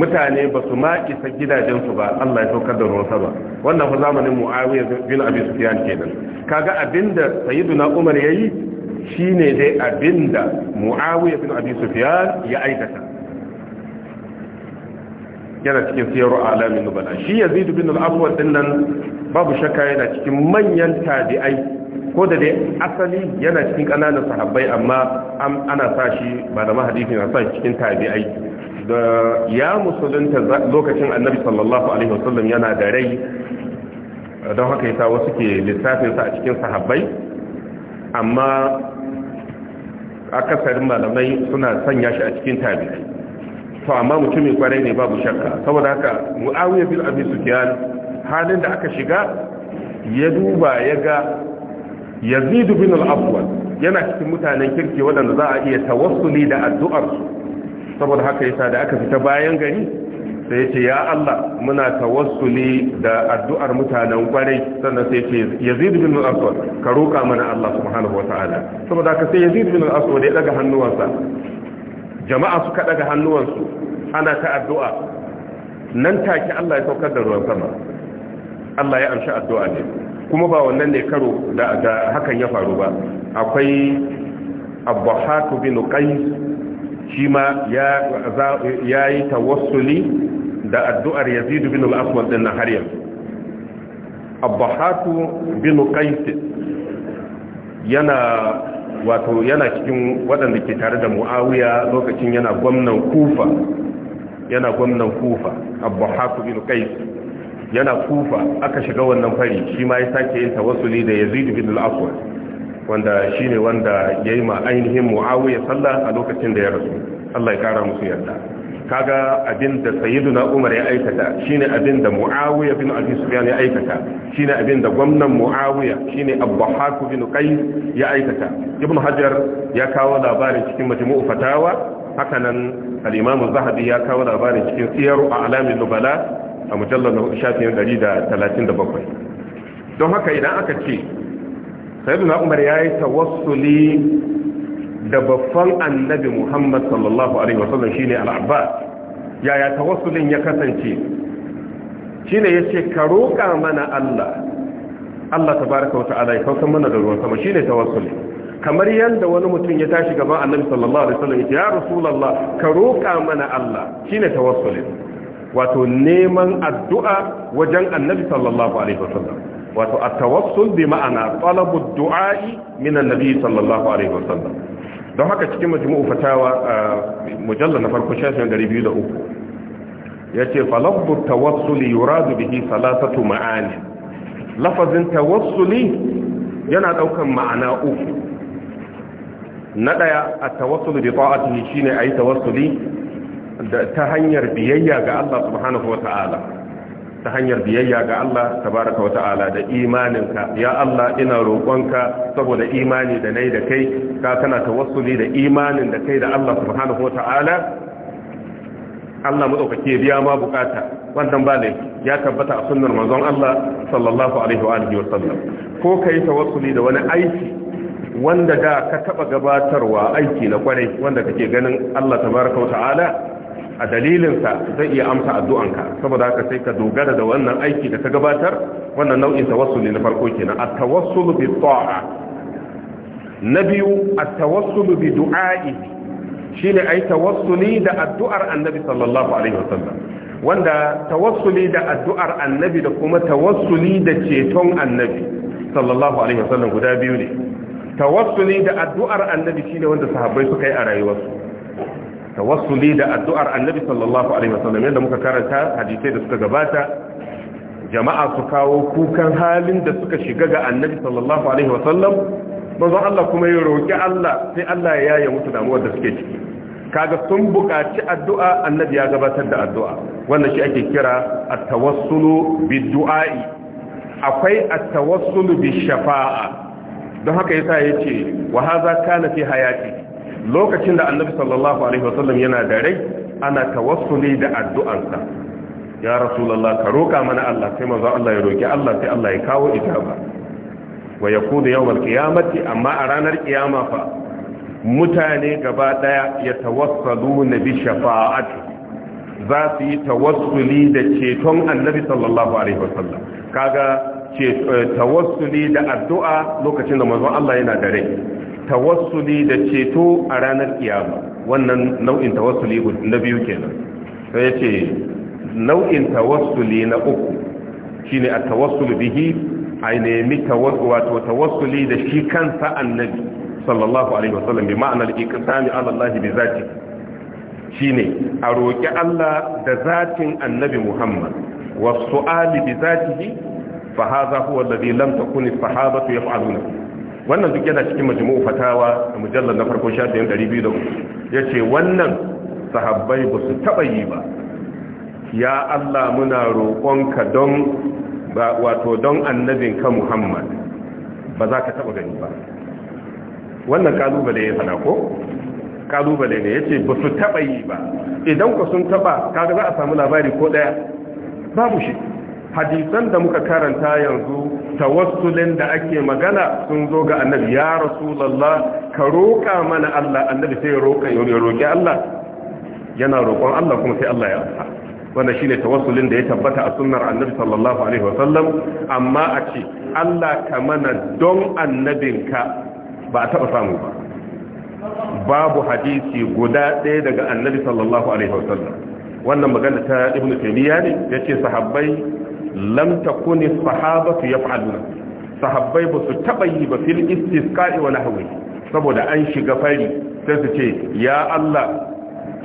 mutane ba su ma isa gidajensu ba Allah ya saukar da ruwan sama wannan fa zamanin Muawiya bin Abi Sufyan kenan kaga abinda sayyiduna Umar yayi shine dai abinda Muawiya bin Abi Sufyan ya aikata yana cikin siyar alamin nubala shi yazid bin al-aswad din nan babu shakka yana cikin manyan tabi'ai ko da dai asali yana cikin ƙananan sahabbai amma ana sa shi ba da mahadifin na sa cikin tabi'ai da ya musulunta lokacin annabi sallallahu alaihi wasallam yana da rai don haka yasa wasu ke lissafin sa a cikin sahabbai amma akasarin malamai suna sanya shi a cikin tabi'ai to amma mutumin kwarai ne babu shakka saboda haka mu'awiyar bin abin sufiyan halin da aka shiga ya duba ya ga yazidu bin al'afwal yana cikin mutanen kirki waɗanda za a iya tawassuli da addu'arsu saboda haka yasa da aka fita bayan gari sai ya ce ya Allah muna tawassuli da addu'ar mutanen kwarai sannan sai ce yazidu bin al'afwal ka roƙa mana Allah subhanahu wa ta'ala saboda haka sai yazidu bin al'afwal ya ɗaga hannuwarsa. jama'a suka daga hannuwansu ana ta addu'a nan take Allah ya saukar da ruwan sama Allah ya amshi addu'a ne kuma ba wannan ne karo da hakan ya faru ba akwai abbahatu bin qais shi ma ya yayi tawassuli da addu'ar Yazidu bin al-aswad din har yanzu bin qais yana wato yana cikin waɗanda ke tare da mu'awiya lokacin yana gwamnan kufa yana gwamnan kufa abu haku bin kai yana kufa aka shiga wannan fari shi ma ya sake yin tawassuli da yazid bin al-aswad wanda ne wanda yayi ma ainihin muawiya sallah a lokacin da ya rasu Allah ya kara musu yarda kaga abin da sayyiduna umar ya aikata shine abin da muawiya bin abi sufyan ya aikata shine abin da gwamnan muawiya shine abbahaku bin qais ya aikata ibn hajar ya kawo labarin cikin majmu'u fatawa hakanan al-imam az-zahabi ya kawo labarin cikin siyaru a'lamin nubala a mujallal 137 don haka idan aka ce sayyiduna umar ya yi tawassuli da babban annabi Muhammad sallallahu alaihi wasallam shine al-Abbas yaya tawassulin ya kasance ya ce ka roƙa mana Allah Allah ta tabaaraka wa ta'ala ya kauka mana da ruwan sama shine tawassuli kamar yadda wani mutum ya tashi gaban annabi sallallahu alaihi wasallam yace ya rasulullah ka roƙa mana Allah shine tawassuli wato neman addu'a wajen annabi sallallahu alaihi wasallam wato at-tawassul bi ma'ana talabu ad-du'a min an-nabi sallallahu alaihi wasallam don haka cikin majmu'u fatawa mujallar na farko shafin 203 ce falabbu tawassuli yuradu bihi salasatu ma'ani lafazin tawassuli yana daukan ma'ana uku na daya at-tawassul bi ta'atihi shine ayi tawassuli ta hanyar biyayya ga Allah subhanahu wa ta'ala ta hanyar biyayya ga Allah tabaraka wata'ala da imaninka ya Allah ina roƙonka saboda imani da nayi da kai ka kana tawassuli da imanin da kai da Allah subhanahu wata'ala Allah madaukake biya ma bukata wannan bane ya tabbata a sunnar manzon Allah sallallahu alaihi wa alihi wa sallam ko kai tawassuli da wani aiki wanda da ka taba gabatarwa aiki na kwarai wanda kake ganin Allah tabaraka wata'ala a dalilinsa zai iya amsa addu'anka saboda haka sai ka dogara da wannan aiki da ka gabatar wannan nau'in tawassuli na farko kenan at-tawassulu bi ta'a na biyu a tawassulu bi du'a'i shine ai tawassuli da addu'ar annabi sallallahu alaihi wasallam wanda tawassuli da addu'ar annabi da kuma tawassuli da ceton annabi sallallahu alaihi wasallam guda biyu ne tawassuli da addu'ar annabi shi ne wanda sahabbai suka yi a rayuwarsu tawassuli da addu'ar annabi sallallahu alaihi wasallam yadda muka karanta hadisai da suka gabata jama'a su kawo kukan halin da suka shiga ga annabi sallallahu alaihi wasallam manzon Allah kuma ya roki Allah sai Allah ya yaye musu damuwar da suke ciki kaga sun buƙaci addu'a annabi ya gabatar da addu'a wannan shi ake kira at-tawassulu bid-du'a'i akwai at-tawassulu bi shafa'a don haka yasa yace wa hadha kana fi hayati lokacin da annabi sallallahu alaihi wasallam yana da rai ana tawassuli da addu'ansa ya rasulullah ka roka mana Allah sai manzo Allah ya roki Allah sai Allah ya kawo ijaba wa yakunu yawmal qiyamati amma a ranar kiyama fa mutane gaba daya ya tawassaluna bi shafa'ati za su yi tawassuli da ceton annabi sallallahu alaihi wasallam kaga eh, tawassuli da addu'a lokacin da manzo Allah yana da rai tawassuli da ceto a ranar kiyama wannan nau'in tawassuli na biyu kenan sai yace nau'in tawassuli na uku shine a tawassuli bihi a nemi wato tawassuli da shi kansa annabi sallallahu alaihi wasallam bi ma'anar iqsami ala Allah bi zati shine a roki Allah da zatin annabi Muhammad wa su'ali bi zatihi fa hadha huwa alladhi lam takun as-sahabatu yaf'aluna wannan duk yana cikin majmu'u fatawa da mujallal na farko shafin 203 yace wannan sahabbai ba su taba yi ba ya Allah muna roƙonka don ba wato don annabinka Muhammad ba za ka taba gani ba wannan kalubale ya fada ko kalubale ne yace ba su taba yi ba idan ku sun taba kaga za a samu labari ko daya babu shi hadisan da muka karanta yanzu tawassulin da ake magana sun zo ga annabi ya rasulullah ka roƙa mana Allah annabi sai ya roƙa ya roƙi Allah yana roƙon Allah kuma sai Allah ya amsa wannan shine tawassulin da ya tabbata a sunnar annabi sallallahu alaihi wa sallam, amma a ce Allah ka mana don annabinka ba a taba samu ba babu hadisi guda ɗaya daga annabi sallallahu alaihi wa sallam. wannan magana ta ibnu taymiya ne yace sahabbai lam takuni sahabatu yaf'aluna sahabbai ba su taba yi ba fil istisqa'i wa nahwi saboda an shiga fari sai su ce ya Allah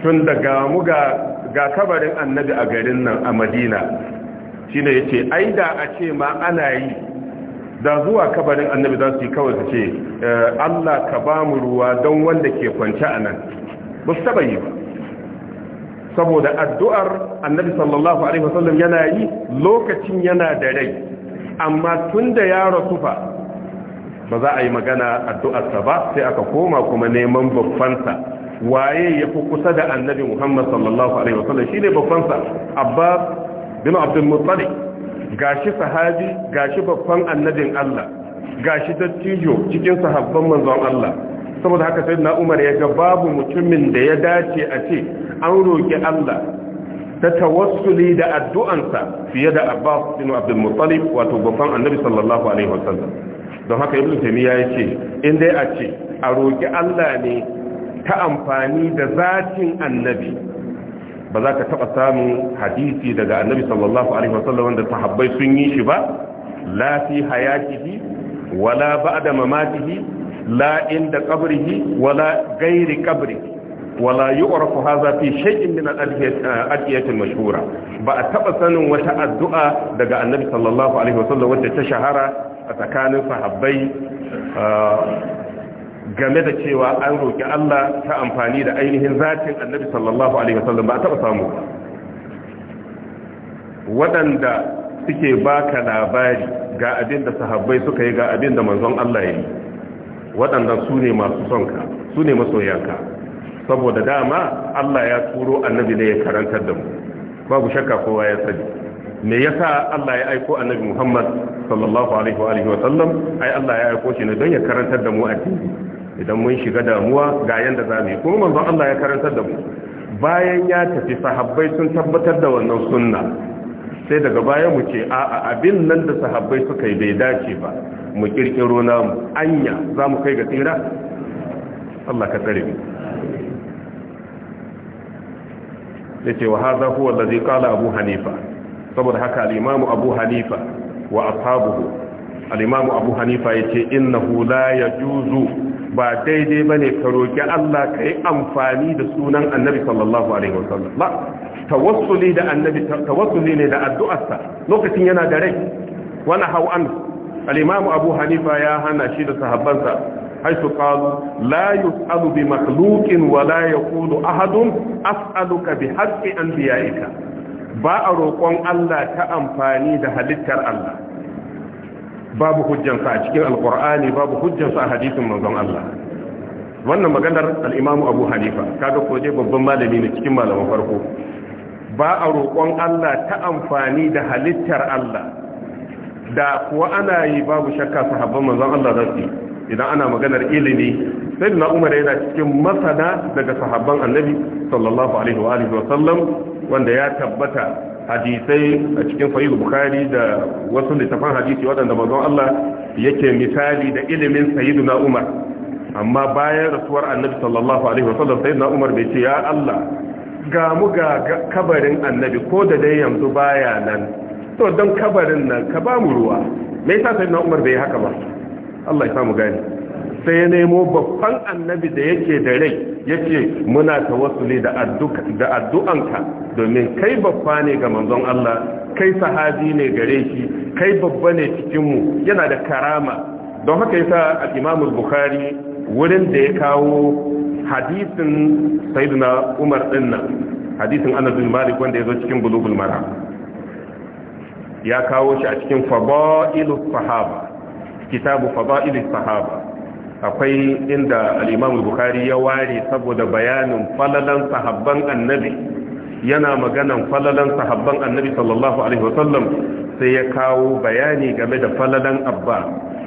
tun da mu ga ga kabarin annabi a garin nan a Madina shine yace ai da a ce ma ana yi da zuwa kabarin annabi za su yi kawai su ce eh, Allah ka ba mu ruwa don wanda ke kwance a nan ba su taɓa yi ba saboda addu'ar annabi sallallahu alaihi wasallam yana yi lokacin yana da rai amma tunda ya rasu fa ba za a yi magana addu'arsa ba sai aka koma kuma neman babbansa waye ya fi kusa da annabi muhammad sallallahu alaihi wasallam shi ne babbansa abbas bin abdulmutsari gashi sahabi gashi babban annabin allah gashi dattijo cikin sahabban manzon allah saboda haka sai na umar ya ga babu mutumin da ya dace a ce an roƙi Allah ta tawassuli da addu'ansa fiye da Abbas bin Abdul Muttalib wato babban Annabi sallallahu alaihi wasallam don haka Ibn Taymiyyah ce, in dai a ce a roƙi Allah ne ta amfani da zatin Annabi ba za ka taɓa samun hadisi daga Annabi sallallahu alaihi wasallam wanda sahabbai sun yi shi ba la fi hayatihi wala ba'da mamatihi la inda qabrihi wala gairi ƙabri. wala yi yu'rafu hadha fi shay'in min al-adiyat uh, al-mashhura ba a taɓa sanin wata addu'a daga annabi sallallahu alaihi wasallam wacce ta shahara a tsakanin sahabbai uh, game da cewa an roki Allah ta amfani da ainihin zatin annabi sallallahu alaihi wasallam ba a taɓa samu waɗanda suke baka labari ga abin da sahabbai suka yi ga abin da manzon Allah ya yi waɗanda su ne masu sonka su ne masoyanka saboda dama Allah ya turo annabi ne ya karantar da mu babu shakka kowa ya sani me yasa Allah ya aiko annabi Muhammad sallallahu alaihi wa alihi wa sallam ai Allah ya aiko shi ne don ya karantar da mu addini idan mun shiga damuwa ga yanda zamu yi kuma manzo Allah ya karantar da mu bayan ya tafi sahabbai sun tabbatar da wannan sunna sai daga baya mu ce a'a abin nan da sahabbai suka yi bai dace ba mu kirkiro namu anya za mu kai ga tsira Allah ka tsare mu yace wa hadha huwa allazi qala abu hanifa saboda haka alimamu abu hanifa wa ashabuhu alimamu abu hanifa yace hula ya juzu ba daidai bane ka roki Allah yi amfani da sunan annabi sallallahu alaihi wasallam ba tawassuli da annabi tawassuli ne da addu'arsa lokacin yana da rai wani hau an al abu hanifa ya hana shi da sahabbansa haisu qalu la yus'alu bi makhluqin wa la yaqulu ahadun as'aluka bi haqqi anbiya'ika ba a roƙon Allah ta amfani da halittar Allah babu hujjansa a cikin alqur'ani babu hujjansa a Allah wannan maganar Al'imamu Abu Hanifa kaga koje babban malami ne cikin malaman farko ba a roƙon Allah ta amfani da halittar Allah da kuwa ana yi babu shakka sahabban manzon Allah zai idan ana maganar ilimi sai na umar yana cikin masana daga sahabban annabi sallallahu alaihi wa alihi wasallam wanda ya tabbata hadisai a cikin sahih bukhari da wasu littafan hadisi waɗanda manzon Allah yake misali da ilimin sayyidina umar amma bayan rasuwar annabi sallallahu alaihi wasallam sayyidina umar bai ce ya Allah ga mu ga kabarin annabi ko da dai yanzu baya nan to don kabarin nan ka ba mu ruwa me yasa sayyidina umar bai haka ba Allah ya samu gani sai ya nemo babban annabi da yake da rai yake muna tawassuli da addu'a da addu'anka domin kai babba ne ga manzon Allah kai sahabi ne gare shi kai babba ne cikin mu yana da karama don haka yasa al-Imam al-Bukhari wurin da ya kawo hadisin Sayyidina Umar dinnan hadisin Anas bin Malik wanda yazo cikin Bulughul Maram ya kawo shi a cikin Fadailus Sahaba kitabu fada'il sahaba akwai inda al-imam bukhari ya ware saboda bayanin falalan sahabban annabi yana maganan falalan sahabban annabi sallallahu alaihi wasallam sai ya kawo bayani game da falalan abba.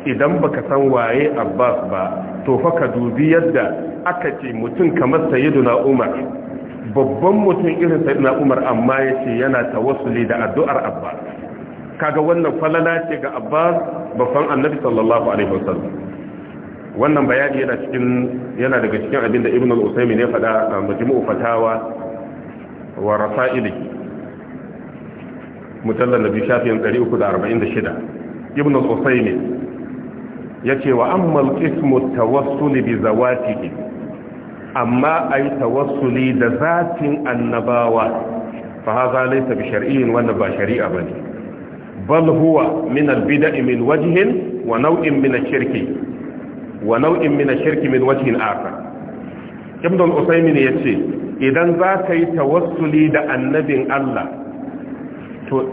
idan baka san waye abbas ba to fa ka dubi yadda aka ce mutum kamar sayyiduna umar babban mutum irin sayyiduna umar amma yace yana tawassuli da addu'ar abbas kaga wannan falala ce ga abbas babban annabi sallallahu alaihi wasallam wannan bayani yana cikin yana daga cikin abin da ibn al-usaymi ne faɗa a majmu'u fatawa wa rasaili mujallal nabi shafiyan 346 ibn al-usaymi yace wa amma al-qismu tawassul bi zawatihi amma ay tawassuli da zatin annabawa fa hadha laysa bi shar'iyyin wannan ba shari'a bane bal huwa min al-bid'i min yace idan za ka yi tawassuli da annabin Allah to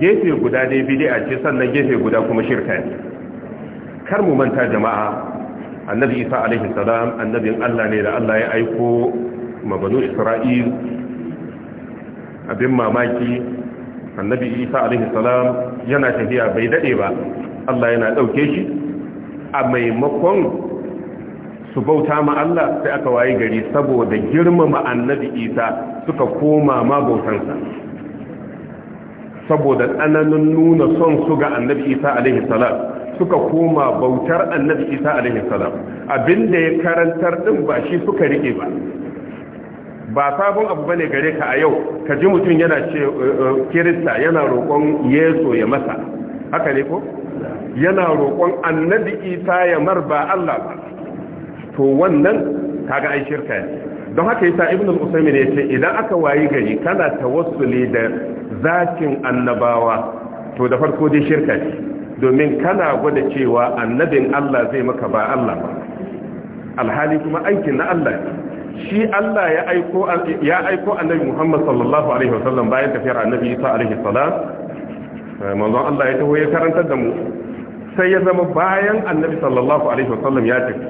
gefe guda dai bid'a ce sannan gefe guda kuma shirka ne kar mu manta jama'a annabi Isa alaihi salam annabin Allah ne da Allah ya aiko ma Isra'il abin mamaki annabi isa alaihi salam yana tafiya bai dade ba Allah yana dauke shi a maimakon su bauta ma Allah sai aka waye gari saboda girmama annabi isa suka koma ma bautansa saboda tsananin nuna son su ga annabi isa alaihi salam suka koma bautar annabi isa alaihi salam abinda ya karantar din ba shi suka rike ba ba sabon abu bane gare ka a yau ka ji mutum yana ce eh, eh, kirista yana roƙon yeso ya masa haka ne ko yana roƙon annabi isa ya mar ba Allah ba to wannan kaga ai shirka ne don haka yasa ibn al ne yace idan aka wayi gari kana tawassuli da zakin annabawa to da farko dai shirka ne domin kana gwada cewa annabin Allah zai maka ba Allah ba alhali kuma aikin na Allah ne shi Allah ya aiko annabi Muhammad sallallahu alaihi wasallam bayan tafiyar annabi Isa alaihi salam eh, manzon Allah ya taho ya karantar da mu sai ya zama bayan annabi sallallahu alaihi wasallam ya tafi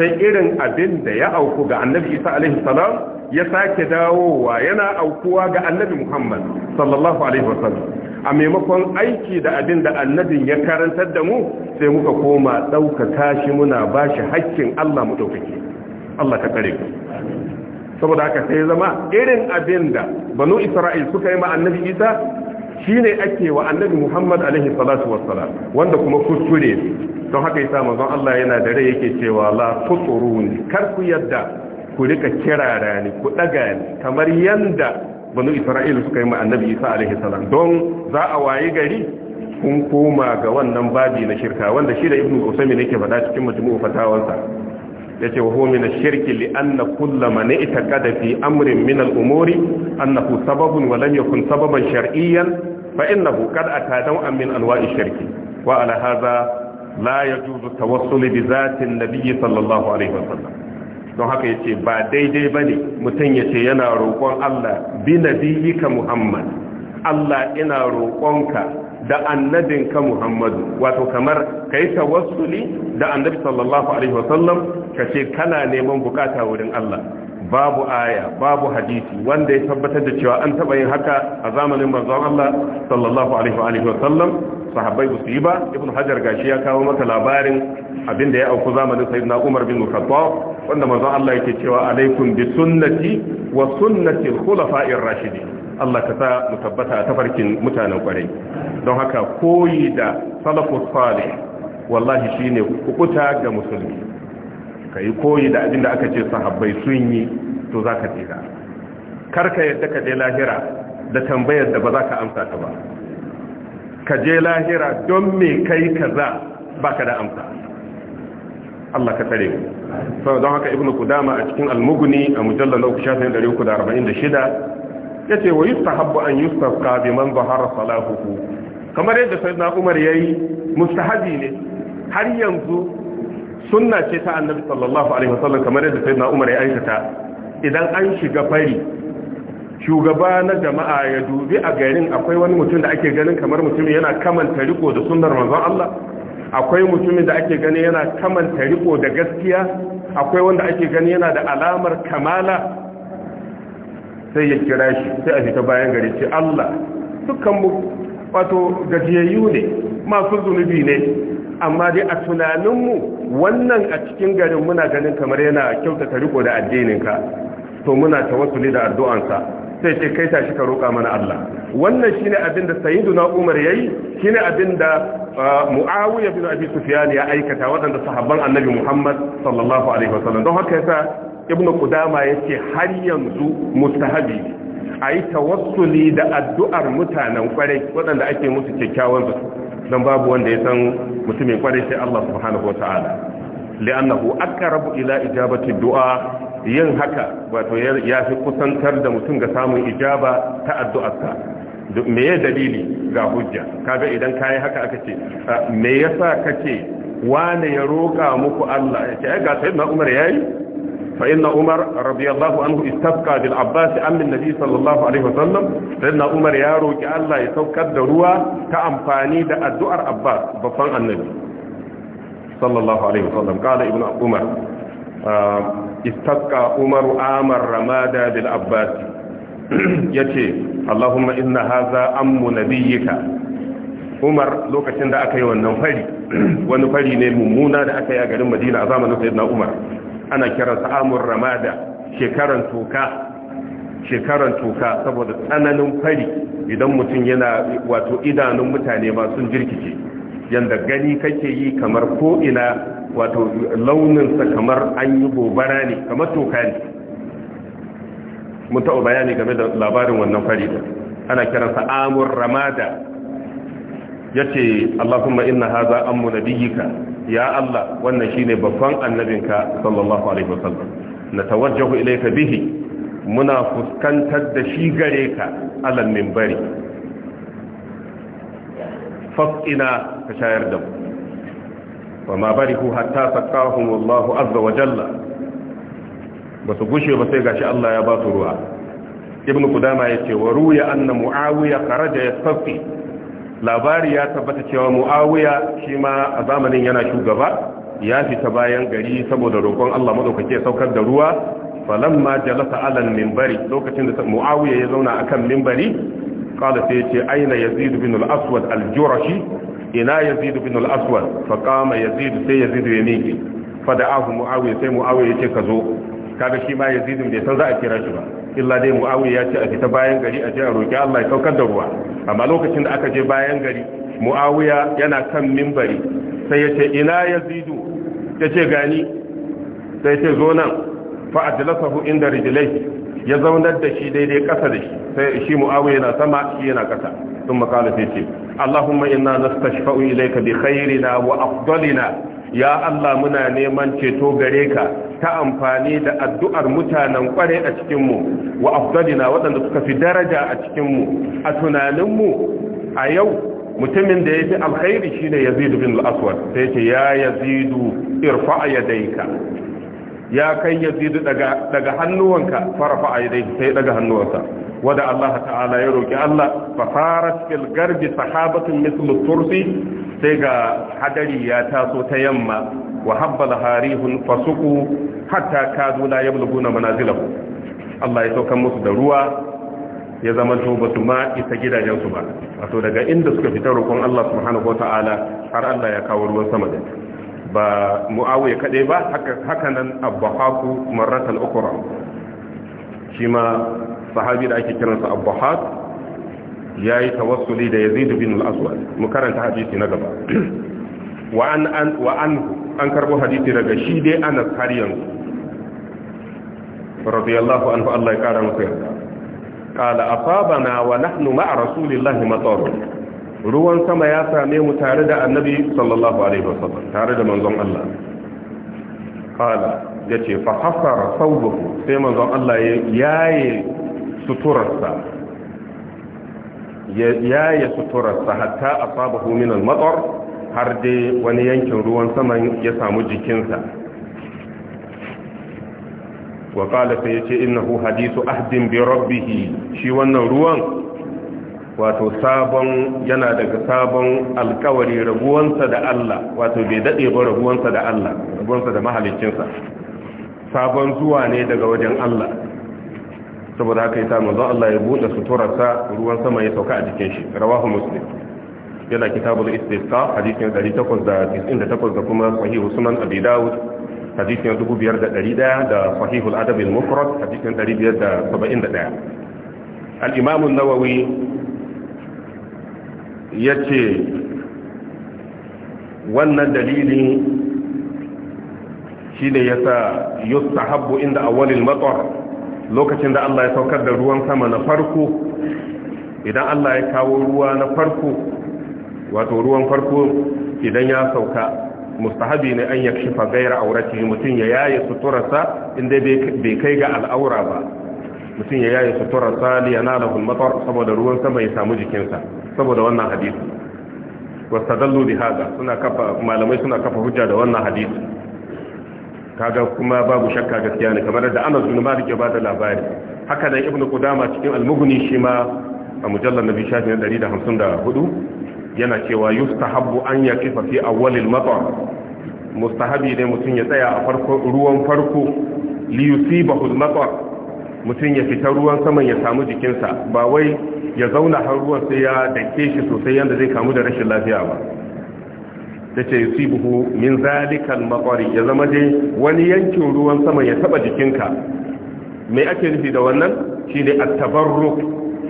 sai irin abin da ya auku ga annabi Isa alaihi salam ya sake dawowa yana aukuwa ga annabi Muhammad sallallahu alaihi wasallam a maimakon aiki da abin da annabin ya karantar da mu sai muka koma ɗaukaka shi muna bashi haƙƙin Allah mu ɗaukake Allah ka kare ku saboda haka sai zama irin abin da banu isra'il suka yi ma annabi isa shine ake wa annabi muhammad alaihi salatu wassalam wanda kuma kuskure don haka yasa manzon Allah yana da rai yake cewa la tuturuni kar ku yadda ku rika kirara ni ku daga ni kamar yanda banu isra'il suka yi ma annabi isa alaihi salam don za a wayi gari kun koma ga wannan babi na shirka wanda shi da ibnu usaymin yake faɗa cikin majmu'u fatawansa yace wa homina shirki ash an na anna kull ita kada fi amrin min umuri annahu sababun wa sababin yakun sababan shar'iyyan fa innahu qad ata a min amin ash shirki wa ala hadha la yajuzu tawassul bi zatin an sallallahu alaihi wasallam don haka yace ba daidai bane ya yace yana roƙon Allah bi ka Muhammad Allah ina roƙonka da annabin ka Muhammadu wato kamar wasu tawassuli da annabi sallallahu alaihi wasallam kace kana neman bukata wurin Allah babu aya babu hadisi wanda ya tabbatar da cewa an taba yin haka a zamanin manzon Allah sallallahu alaihi wasallam sahabbai ba su yi ba ibnu hajar gashi ya kawo maka labarin abinda ya auku zamanin sayyidina umar bin khattab wanda manzon Allah yake cewa alaikum bi sunnati wa sunnati al-khulafa'ir rashidin Allah ka sa mu tabbata a tafarkin mutanen kwarai don haka koyi da salafus salih wallahi shine kukuta ga musulmi kai koyi da abinda aka ce sahabbai sun yi to zaka tsira karka yadda ka je lahira da tambayar da ba za ka amsa ta ba ka je lahira don me kai kaza baka da amsa Allah ka tsare mu don haka ibnu kudama a cikin al-mughni a mujallal 346 ce wa yustahabbu an yustafqa bi man zahara salahuhu kamar yadda sayyidina Umar yayi mustahabi ne har yanzu sunna ce ta annabi sallallahu alaihi wasallam kamar yadda sayyidina Umar ya aikata idan an shiga fari shugaba na jama'a ya dubi a garin akwai wani mutum da ake ganin kamar mutum yana kamanta riko da sunnar manzon Allah akwai mutumin da ake gani yana kamanta riko da gaskiya akwai wanda ake gani yana da alamar kamala sai ya kira shi sai a fita bayan gari ce Allah dukkan mu wato gajiyayyu ne masu zunubi ne amma dai a tunaninmu wannan a cikin garin muna ganin kamar yana kyautata riko da addininka to muna tawassuli da addu'ansa sai ce kai tashi ka roƙa mana Allah wannan shine abin da sayyiduna Umar yayi shine abin da uh, Muawiya bin Abi Sufyan ya aikata waɗanda sahabban Annabi Muhammad sallallahu alaihi wasallam don haka yasa ibn ya yace har yanzu mustahabi a ayi tawassuli da addu'ar mutanen kwarai waɗanda ake musu kyakkyawan zato dan babu wanda ya san mutumin kwarai sai Allah subhanahu wataala li'annahu aqrabu ila ijabati du'a yin haka wato ya fi kusantar da mutum ga samun ijaba ta addu'arsa me ya dalili ga hujja kaga idan ka haka aka ce me yasa kace wane ya roka muku Allah ya ce ga sayyidina Umar yayi فإن عمر رضي الله عنه استسقى بالعباس عم النبي صلى الله عليه وسلم سيدنا عمر يا روكي الله يسوكر دروا كأمفاني دا الدؤر عباس بفن النبي صلى الله عليه وسلم قال ابن عمر استسقى عمر آمر رمادا بالعباس يتي اللهم إن هذا أم نبيك umar lokacin da aka yi wannan fari wani fari ne mummuna da aka yi a garin madina a zamanin sayyidina umar ana kiransa amur ramada shekaran toka shekaran toka saboda tsananin fari idan mutum yana wato idanun mutane ba sun jirkice yanda gani kake yi kamar ko ina wato launinsa kamar an yi gobara ne kamar toka ne mun taɓa bayani game da labarin wannan fari ana kiransa amur ramada yace Allahumma inna hadha ammu nabiyyika ya Allah wannan shine babban annabinka sallallahu alaihi wasallam natawajjahu ilayka bihi muna fuskantar da shi gare ka alal minbari fasqina ka shayar da mu wama barihu hatta saqahum Allah azza wa jalla basu gushe ba sai gashi Allah ya ba su ruwa ibnu qudama yace wa ruya anna muawiya kharaja yasqi labari ya tabbata cewa muawiya shi ma a zamanin yana shugaba ya fita bayan gari saboda roƙon Allah madaukake saukar da ruwa falamma jalasa alal minbari lokacin da muawiya ya zauna akan minbari qala sai yace aina yazid bin al-aswad al-jurashi ina yazid bin al-aswad fa qama yazid sai yazid ya miƙe fa da'ahu muawiya sai muawiya yace ka zo kaga shi ma yazid bai san za a kira shi ba illa dai muawiya ya ce a fita bayan gari a je a roki Allah ya saukar da ruwa amma lokacin da aka je bayan gari muawiya yana kan mimbari sai ya ce ina yazidu ya ce gani sai ce zo nan fa ajlasahu inda rijlaihi ya zaunar da shi daidai kasa da shi sai shi muawiya yana sama shi yana kasa sun makala sai ce Allahumma inna nastashfa'u ilayka bi khairina wa afdalina ya Allah muna neman ceto gare ka ta amfani da addu'ar mutanen kware a cikinmu wa afdalina waɗanda suka fi daraja a cikinmu a tunaninmu a yau mutumin da ya fi alkhairi shine yazidu bin al sai ce ya zidu irfa a ka ya kai yazidu daga daga hannuwanka farafa yadayka sai daga hannuwansa wada Allah ta'ala ya roki Allah fa fara fil garbi sahabatun mislu tursi sai ga hadari ya taso ta yamma wa harihun fasuku hatta kadu la yabluguna manazilahu Allah ya saukan musu da ruwa ya zama to ba su ma isa gidajensu ba wato daga inda suka fita roƙon Allah subhanahu wata'ala har Allah ya kawo ruwan sama da ba muawiya kaɗai ba haka nan abbahaku marratan ukra shi ma sahabi da ake kiransa abbahat ya yi tawassuli da yazidu bin al-aswad mu karanta hadisi na gaba (clears throat) wa an an an an karbo hadisi daga shi dai anas har yanzu radiyallahu anhu Allah ya kara masa yarda qala asabana wa nahnu ma'a rasulillahi matar ruwan sama ya same mu tare da annabi sallallahu alaihi wasallam tare da manzon Allah qala yace fa hasara sawbuhu sai manzon Allah ya yaye suturarsa ya ya suturarsa hatta a min al matsar har dai wani yankin ruwan saman ya samu jikinsa wa ya ce yace innahu hadisu ahdin bi rabbih shi wannan ruwan wato sabon yana daga sabon alkawari rabuwansa da Allah wato bai daɗe ba rabuwansa da Allah da mahaliccinsa sabon zuwa ne daga wajen Allah saboda haka yasa manzo Allah ya bude suturarsa ruwan sama ya sauka a jikin shi rawahu muslim yana kitabul istisqa hadisin 898 da kuma sahihu sunan abi dawud hadisin 2501 da sahihul adab al mufrad hadisin 571 al imam an-nawawi yace wannan dalilin shine yasa yustahabbu inda awwalil matar lokacin da Allah ya saukar da ruwan sama na farko idan Allah ya kawo ruwa na farko wato ruwan farko idan ya sauka mustahabi ne an ya shifa gaira aurati mutum ya yaye suturarsa inda bai kai ga al'aura ba mutum ya yaye suturarsa li yana lahul matar saboda ruwan sama ya samu jikinsa saboda wannan hadisu wastadallu bi hada suna malamai suna kafa hujja da wannan hadisu. kaga kuma babu shakka gaskiya ne kamar da Anas bin Malik ya bada labari haka da Ibn Qudama cikin Al-Mughni shi ma a mujallal Nabi shafi 154 yana cewa yustahabbu an yaqifa fi awwalil matar mustahabi ne mutum ya tsaya a farko ruwan farko li yusibahu al-matar mutum ya fita ruwan saman ya samu jikinsa ba wai ya zauna har ruwan sai ya dake shi sosai yanda zai kamu da rashin lafiya ba da ce yusibuhu min zalikal makwari ya zama dai wani yankin ruwan sama ya taba jikinka me ake nufi da wannan shine at-tabarruk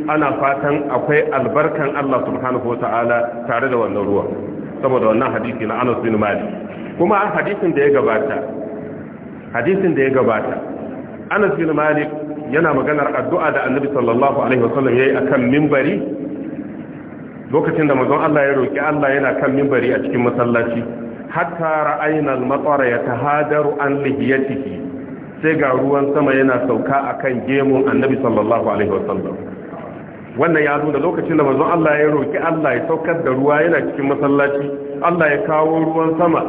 ana fatan akwai albarkan Allah subhanahu wataala tare da wannan ruwan saboda wannan hadisi na Anas bin mali kuma hadisin da ya gabata hadisin da ya gabata Anas bin mali yana maganar addu'a da Annabi sallallahu alaihi wasallam yayi akan mimbari. lokacin da mazan Allah ya roƙi Allah yana kan mimbari a cikin masallaci hatta ra'ayna al-matara yatahadaru an lihiyatihi sai ga ruwan sama yana sauka akan gemun annabi sallallahu alaihi wasallam wannan ya nuna lokacin da mazan Allah ya roƙi Allah ya saukar da ruwa yana cikin masallaci Allah ya kawo ruwan sama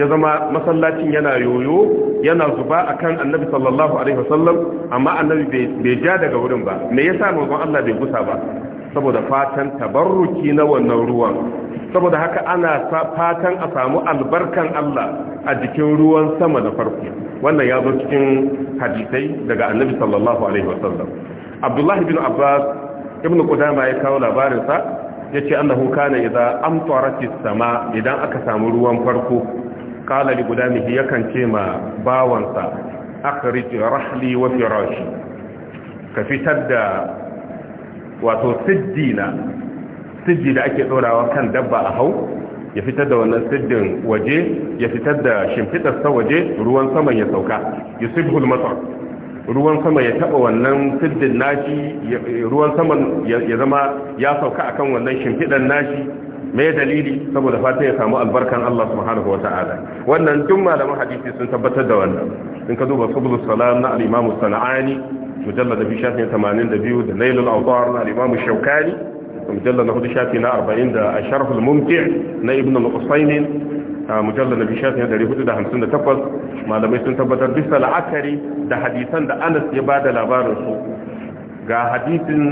ya zama masallacin yana yoyo yana zuba akan annabi sallallahu alaihi wasallam amma annabi bai ja daga wurin ba me yasa manzon Allah bai gusa ba saboda fatan tabarruki na wannan ruwan saboda haka ana fatan a samu albarkan Allah a jikin ruwan sama da farko wannan ya zo cikin hadisai daga annabi sallallahu alaihi wasallam abdullahi bin abbas ibnu qudama ya kawo sa yace annahu kana idza amtaratis sama idan aka samu ruwan farko kalali li qudamihi yakan ce ma bawansa akhrij rahli wa firashi ka fitar da wato siddina siddi da ake tsorawa kan dabba a hau ya fitar da wannan siddin waje ya fitar da sa waje ruwan sama ya sauka yusibhul matar ruwan sama ya taba wannan siddin nashi ruwan saman ya zama ya sauka akan wannan shimfidan nashi me dalili saboda fata ya samu albarkan Allah subhanahu wa ta'ala wannan duk malaman hadisi sun tabbatar da wannan in ka duba subul salam na al-imam sana'ani mujallad fi shafin 82 da nailul awtar na al-imam shaukani mujallad na hudu shafi na 40 da asharh al-mumti' na ibn al-usaymin mujallad na fi shafin 458 malamai sun tabbatar bisa la'akari da hadisan da Anas ya bada labarin su ga hadisin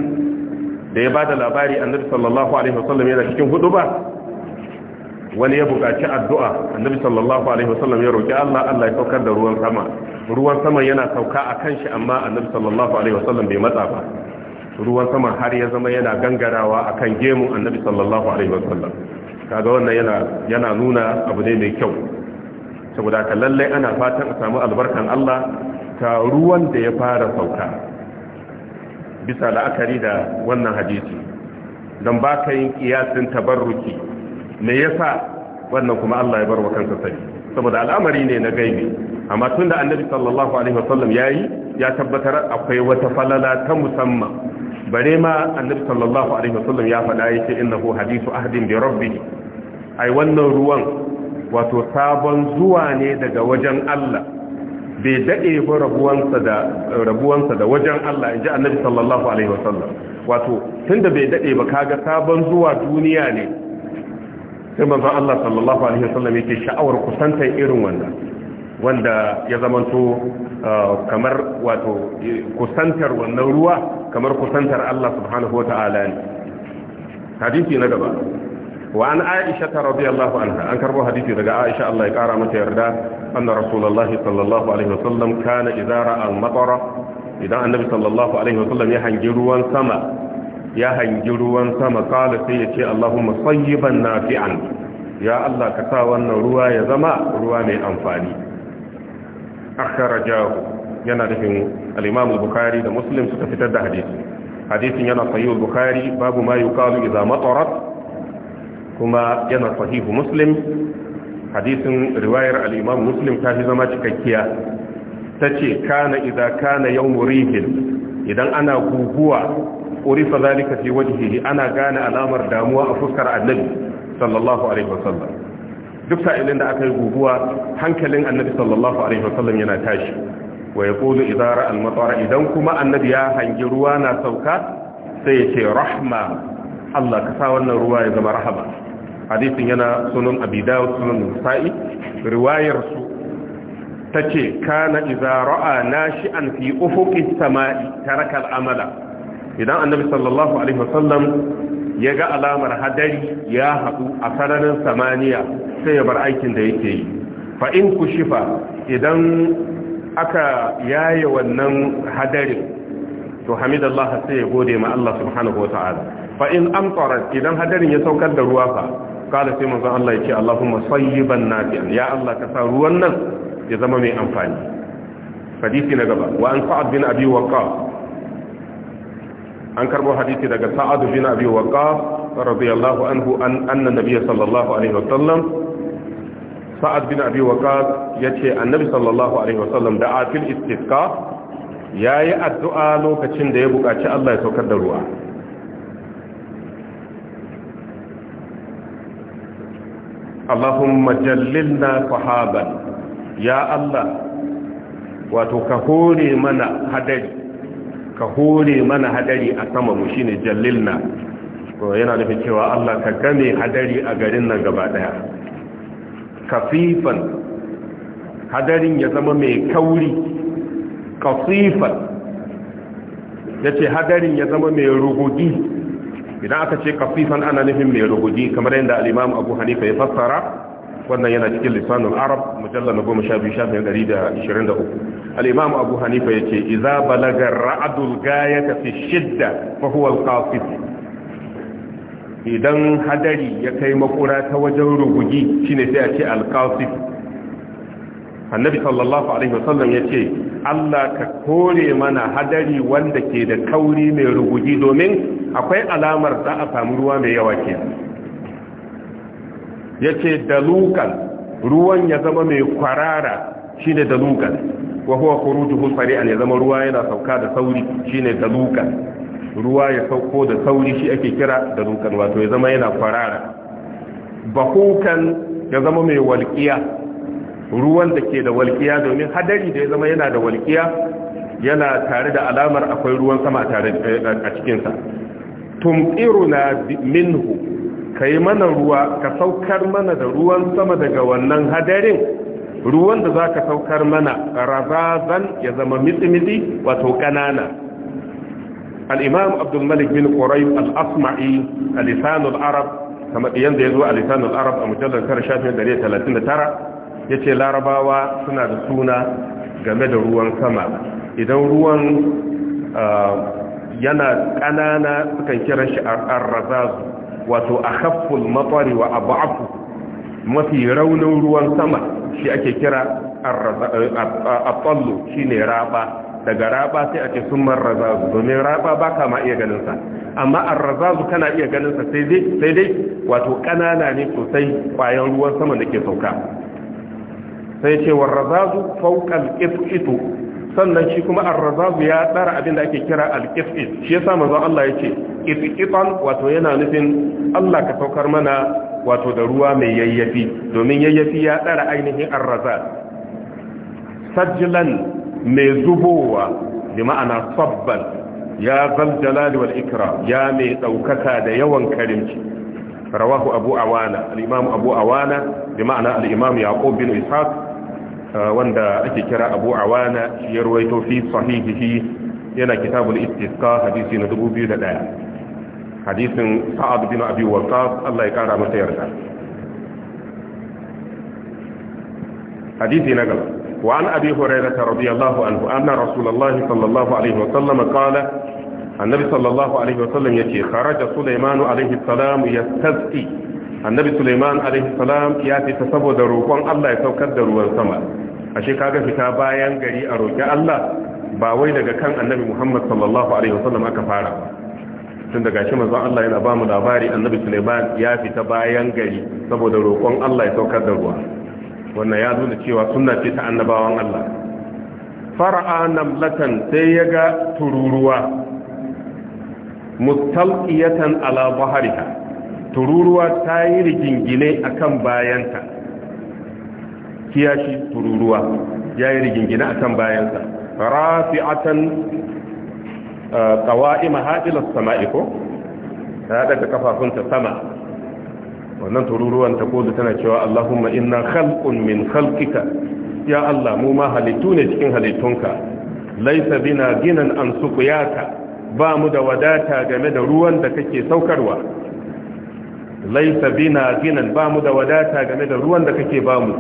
da ya ba da labari annabi sallallahu alaihi wasallam yana cikin hudu ba wani ya buƙaci addu'a annabi sallallahu alaihi wasallam ya roki Allah Allah ya saukar da ruwan sama ruwan sama yana sauka akan shi amma annabi sallallahu alaihi wasallam bai matsa ba ruwan sama har ya zama yana gangarawa akan gemu annabi sallallahu alaihi wasallam kaga wannan yana yana nuna abu ne mai kyau saboda ka lallai ana fatan a samu albarkan Allah ta ruwan da ya fara sauka bisa la'akari da wannan hadisi don ba ka yin kiyasin tabarruki me yasa wannan kuma Allah ya bar wa kansa sani saboda al'amari ne na gaibi amma tun da annabi sallallahu alaihi wasallam yayi ya tabbatar akwai wata falala ta musamman bare ma annabi sallallahu alaihi wasallam ya faɗa yake innahu hadithu ahdin bi rabbi ai wannan ruwan wato sabon zuwa ne daga wajen Allah bai daɗe ba rabuwansa da wajen Allah in inji annabi sallallahu alaihi wasallam wato tun da bai daɗe ba kaga sabon zuwa duniya ne sai manzon Allah sallallahu alaihi wasallam yake sha'awar kusantar irin wannan wanda ya zamanto uh, kamar wato kusantar wannan ruwa kamar kusantar Allah subhanahu wata'ala ne hadisi na gaba wa an aisha ta radiyallahu anha an karbo hadisi daga aisha Allah ya kara mata yarda أن رسول الله صلى الله عليه وسلم كان إذا رأى المطر إذا النبي صلى الله عليه وسلم يهنجروا سما يهنجروا سما قال سيتي اللهم صيبا نافعا يا الله كساوان روا يزما روا من أنفاني أخرجاه yana nufin al'imam bukari da muslim suka fitar da hadisi hadisin yana sahihu bukari babu ma yi kalu iza matarat kuma yana sahihu muslim hadisin riwayar alimam muslim ta fi zama cikakkiya tace kana idza kana yau murihin idan ana guguwa urifa zalika fi wajhihi ana gane alamar damuwa a fuskar annabi sallallahu alaihi wasallam duk sa'ilin da aka yi guguwa hankalin annabi sallallahu alaihi wasallam yana tashi wa yaqulu idza ra'a al-matar idan kuma annabi ya hangi ruwa na sauka sai ya ce rahma Allah ka sa wannan ruwa ya zama rahama hadisin yana sunan abi dawud sunan nisa'i riwayar su tace kana idza ra'a an fi ufuqis sama'i taraka al'amala idan annabi sallallahu alaihi wasallam ya ga alamar hadari ya haɗu a sararin samaniya sai ya bar aikin da yake yi fa in kushifa idan aka yaye wannan hadarin to hamidallah sai ya gode ma Allah subhanahu wataala fa in amtara idan hadarin ya saukar da ruwa fa kala sai manzon Allah ya yake Allahumma sayyiban nafi'an ya Allah ka sa ruwan nan ya zama mai amfani hadisi na gaba wa an sa'ad bin abi waqqas an karbo hadisi daga sa'ad bin abi waqqas radiyallahu anhu an anna nabiyya sallallahu alaihi wasallam sa'ad bin abi waqqas yace annabi sallallahu alaihi wasallam da'a fil istisqa yayi addu'a lokacin da ya buƙaci Allah ya saukar da ruwa Allahumma jallilna sahaban ya Allah wato ka hore mana hadari ka hore mana hadari a sama mu shine na, to yana nufin cewa Allah ka game hadari a garin nan gaba daya kafifan hadarin ya zama mai kauri kasifan yace hadarin ya zama mai rugugi idan aka ce kafifan ana nufin mai ruguji kamar yadda al abu hanifa ya fassara wannan yana cikin lisanun arab ishirin da uku. imam abu hanifa yace idza balaga Gaya ta fi shidda fa huwa idan hadari ya kai makura ta wajen rugugi shine sai a ce al-qasif annabi sallallahu alaihi wasallam yace Allah ka kore mana hadari wanda ke da kauri mai ruguji domin akwai alamar za a samu ruwa mai yawa ke ya ce dalukan ruwan ya zama mai kwarara shi ne dalukan wahuwa kurutu hulfari'an ya zama ruwa yana sauka da sauri shi ne dalukan ruwa ya sauko da sauri shi ake kira dalukan wato ya zama yana kwarara bakukan ya zama mai walƙiya ruwan da ke da walƙiya domin hadari da ya zama yana da walƙiya yana tare da alamar akwai ruwan sama a eh, cikinsa na minhu ka yi mana ruwa ka saukar mana da ruwan sama daga wannan hadarin ruwan da za ka saukar mana razazan ya zama mitsimiti wato ƙanana al'imam abdulmalik bin ƙorai al'asma'i a lisanul arab kamar yadda ya zo a lisanul arab a mujallar tara. ya ce larabawa suna da suna game da ruwan sama idan ruwan uh, yana ƙanana sukan kira shi arrazazu wato a hafful matsari wa abu mafi raunin ruwan sama shi ake kira uh, uh, atsallo shi ne raba daga raba sai ake sun marrazazu domin raba ba kama iya ganinsa amma arrazazu kana iya ganinsa sai dai wato ƙanana ne sosai bayan ruwan sama da ke sauka sai ce warrazazu fawqa al-qit'it sannan shi kuma al-razazu ya tsara abin da ake kira al-qit'it shi yasa manzon Allah yace qit'itan wato yana nufin Allah ka saukar mana wato da ruwa mai yayyafi domin yayyafi ya tsara ainihin arrazaz sajlan mai zubowa bi ma'ana sabban ya zal jalali wal ikram ya mai daukaka da yawan karimci رواه أبو عوانة الإمام أبو عوانة بمعنى الإمام يعقوب بن إسحاق wanda ake kira abu awana ya ruwaito fi sahihihi yana kitabul istisqa hadisi na 2001 hadisin sa'ad bin abi waqqas Allah ya kara masa yarda hadisi na gaba wa an abi hurairah radiyallahu anhu anna rasulullahi sallallahu alaihi wa sallam qala annabi sallallahu alaihi wa sallam yace kharaja sulaiman alaihi salam yastazki annabi suleiman alaihi salam ya fita saboda roƙon allah ya saukar da ruwan sama ashe kaga fita bayan gari a roƙi allah ba wai daga kan annabi muhammad sallallahu alaihi wasallam aka fara tun daga shi manzon allah yana ba mu labari annabi suleiman ya fita bayan gari saboda roƙon allah ya saukar da ruwa wannan ya nuna cewa suna ce ta annabawan allah fara'a namlatan sai ya ga tururuwa mustalqiyatan ala bahariha tururuwa ta yi rigingine a kan bayanta kiyashi tururuwa ya yi rigingine a kan bayansa rafi'atan ƙawa'ima uh, haɗilar sama'i ko ta haɗa da kafafunta sama wannan tururuwan ta kodu tana cewa allahumma inna halkun min khalqika ya allah mu ma halittu ne cikin halittunka laisa bina ginin an sukuyaka ba mu da wadata game da ruwan da kake saukarwa laisa bina ginan ba mu da wadata game da ruwan da kake ba mu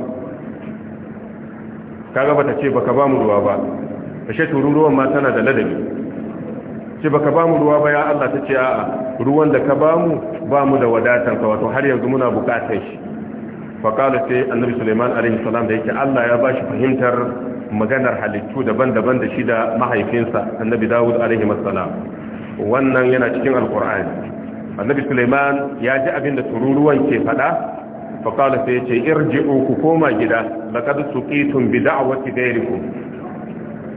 kaga ta ce baka ba mu ruwa ba ashe tururuwan ma tana da ladabi ce baka ba mu ruwa ba ya Allah ta ce a'a ruwan da ka ba mu ba mu da wadatan ka wato har yanzu muna bukatar shi fa qala sai annabi Sulaiman alaihi salam da yake Allah ya ba shi fahimtar maganar halittu daban-daban da shi da mahaifinsa annabi Dawud alaihi salam wannan yana cikin alqur'ani annabi suleiman ya ji abin da tururuwan ke faɗa faƙala sai ce irji'u ku koma gida laqad suqitum bi da'wati ghayrikum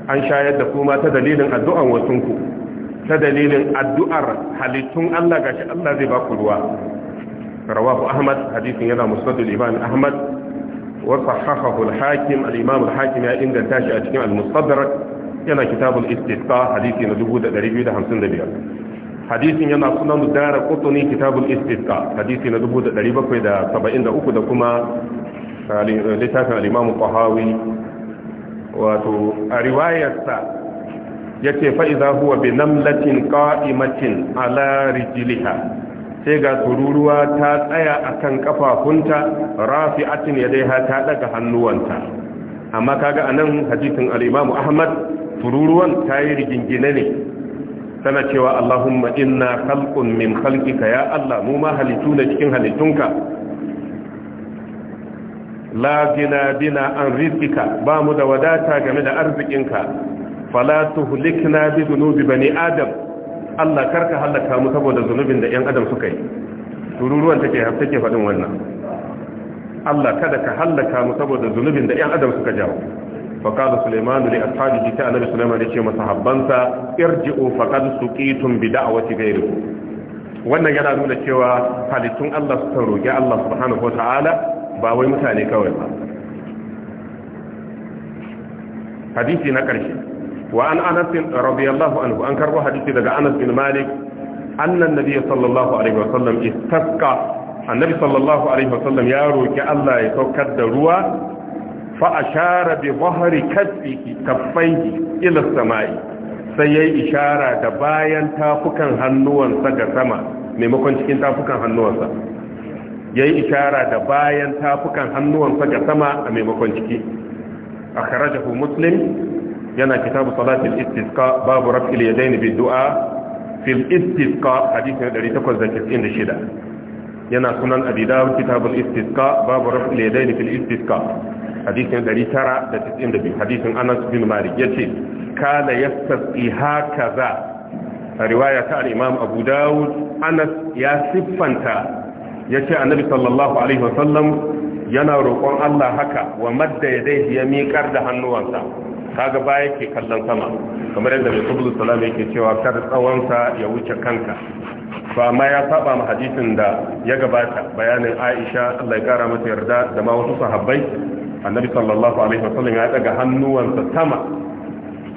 an shayar da kuma ta dalilin addu'an wasunku ta dalilin addu'ar halittun Allah gashi Allah zai ba ku ruwa rawahu ahmad hadisin yana musnad al-imam ahmad wa sahahahu al-hakim al-imam al-hakim ya inganta shi a cikin al-mustadrak yana kitabul istisqa hadisi na 2255 hadisin yana sunan dara kutuni kitabul istisqa hadisi na 1773 da kuma eh, eh, littafin al-imam qahawi wato a riwayarsa yace fa idza huwa bi namlatin qa'imatin ala rijliha sai ga tururuwa ta tsaya akan kafafunta rafi'atin yadaiha ta daga hannuwanta amma kaga anan hadisin al-imam ahmad tururuwan tayi rigingine ne tana cewa Allahumma inna khalqun min khalqika ya Allah mu ma halittu ne cikin halittunka la gina bina an rizqika ba mu da wadata game da arzikinka fala tuhlikna bi dhunubi bani adam Allah karka halaka mu saboda zunubin da ƴan adam suka yi tururuwan take take faɗin wannan Allah kada ka halaka mu saboda zunubin da ƴan adam suka jawo فقال سليمان لأصحابه جاء النبي سليمان يشي مصحبانسا ارجعوا فقد سقيتم بدعوة غيركم wannan yana nuna cewa halittun Allah su roƙi Allah subhanahu wa ta'ala ba wai mutane kawai ba hadisi na ƙarshe wa an anas radiyallahu anhu an karbo hadisi daga Anas bin Malik annan nabi sallallahu alaihi wa sallam istasqa annabi sallallahu alaihi wa sallam ya roƙi Allah ya saukar da ruwa fa ashara bi dhahri kadfihi kaffaihi ila samai sai yayi ishara da bayan tafukan hannuwansa ga sama maimakon cikin tafukan hannuwansa yayi ishara da bayan tafukan hannuwansa ga sama a maimakon ciki akhrajahu muslim yana kitabu salatul istisqa babu raf'il yadayn bi du'a fil istisqa hadithin 896 yana sunan abi dawud kitabul istisqa babu raf'il hadisin 992 hadisin Anas bin Malik yace kana yastasi hakaza a riwaya ta al-Imam Abu Dawud Anas ya siffanta yace Annabi sallallahu alaihi wasallam yana roƙon Allah haka wa madda yadayhi ya miƙar da hannuwansa kaga ba yake kallon sama kamar yadda mai subul salam yake cewa kar tsawonsa ya wuce kanka ba ma ya saba ma hadisin da ya gabata bayanin Aisha Allah ya kara mata yarda da ma wasu sahabbai annabi sallallahu alaihi wasallam ya daga hannuwansa sama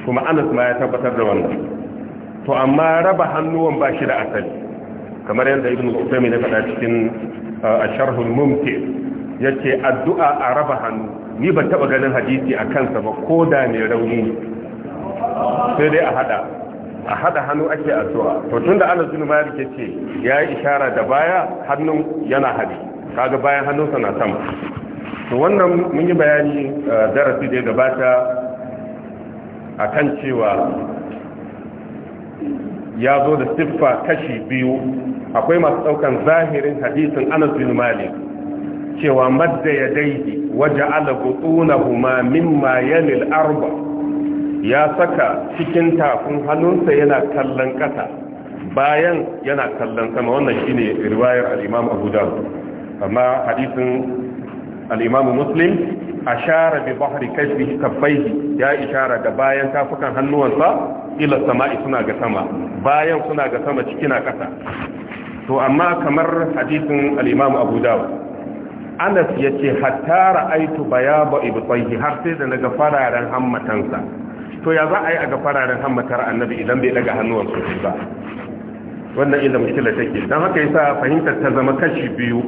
kuma anas ma ya tabbatar da wannan to amma raba hannuwan ba shi da asali kamar yadda ibn al ya faɗa cikin asharh uh, al-mumti yace addu'a a raba hannu ni ban taba ganin hadisi a kansa ba ko da ne rauni sai dai a hada a hada hannu ake addu'a to tunda Anas bin Malik yace yi ishara da baya hannun yana hadi kaga bayan hannunsa na sama to wannan mun yi bayani darasi da ya gabata a kan cewa ya zo da siffa kashi biyu akwai masu daukan zahirin hadisin anas bin malik cewa madda ya daidi waje ala butunahuma mimma yalil arba ya saka cikin tafin hannunsa yana kallon kasa bayan yana kallon sama wannan shine riwayar al-imam abu dawud amma hadisin al'imamu muslim a share bi bahari kashi kaffaihi ya ishara da bayan tafukan hannuwansa ila sama'i suna ga sama bayan suna ga sama cikina ƙasa to amma kamar hadisin al'imamu abu dawo anas ya ce hatta ra'aitu baya ba ibtsaihi har sai da naga fararen hammatansa to ya za a yi a ga fararen hammatar annabi idan bai daga hannuwan sosai ba wannan inda mushkila take don haka yasa fahimta ta zama kashi biyu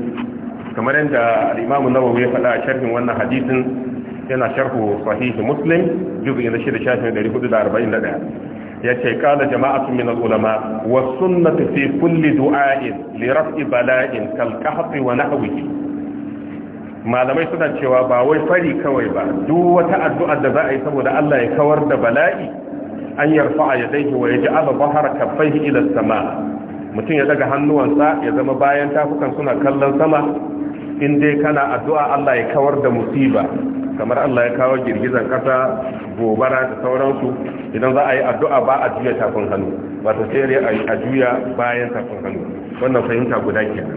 kamar yadda al'imamu imam ya faɗa a sharhin wannan hadisin yana sharhu sahih Muslim juz'i na 6 shafin 441 yace kala jama'atun min al-ulama wa sunnatu fi kulli du'a'in li raf'i bala'in kal qahti wa nahwihi malamai suna cewa ba wai fari kawai ba duk wata addu'a da za a yi saboda Allah ya kawar da bala'i an yarfa yadayhi wa yaj'ala dhahra kaffayhi ila as-sama' mutum ya daga hannuwansa ya zama bayan tafukan suna kallon sama in dai kana addu'a Allah ya kawar da musiba kamar Allah ya kawo girgizan kasa gobara da sauransu idan za a yi addu'a ba a juya tafin hannu ba ta sai a juya bayan tafin hannu wannan fahimta guda kenan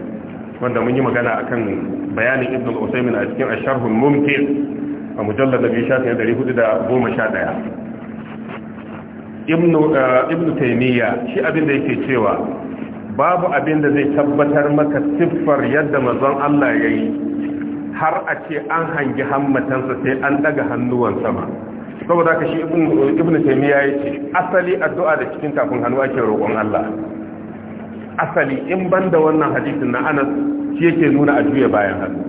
wanda mun yi magana akan bayanin ibn al a cikin Asharhun mumkin a mujallar da biyu sha ibn eh, taymiya shi abin da yake cewa babu abin da zai tabbatar maka siffar yadda mazan Allah ya yi har a ce an hangi hammatansa sai an daga hannuwan sama saboda ka shi ibn taymiya ya ce asali addu'a da cikin tafin hannu ake roƙon Allah asali in ban da wannan hadisun na Anas shi yake nuna a juya bayan hannu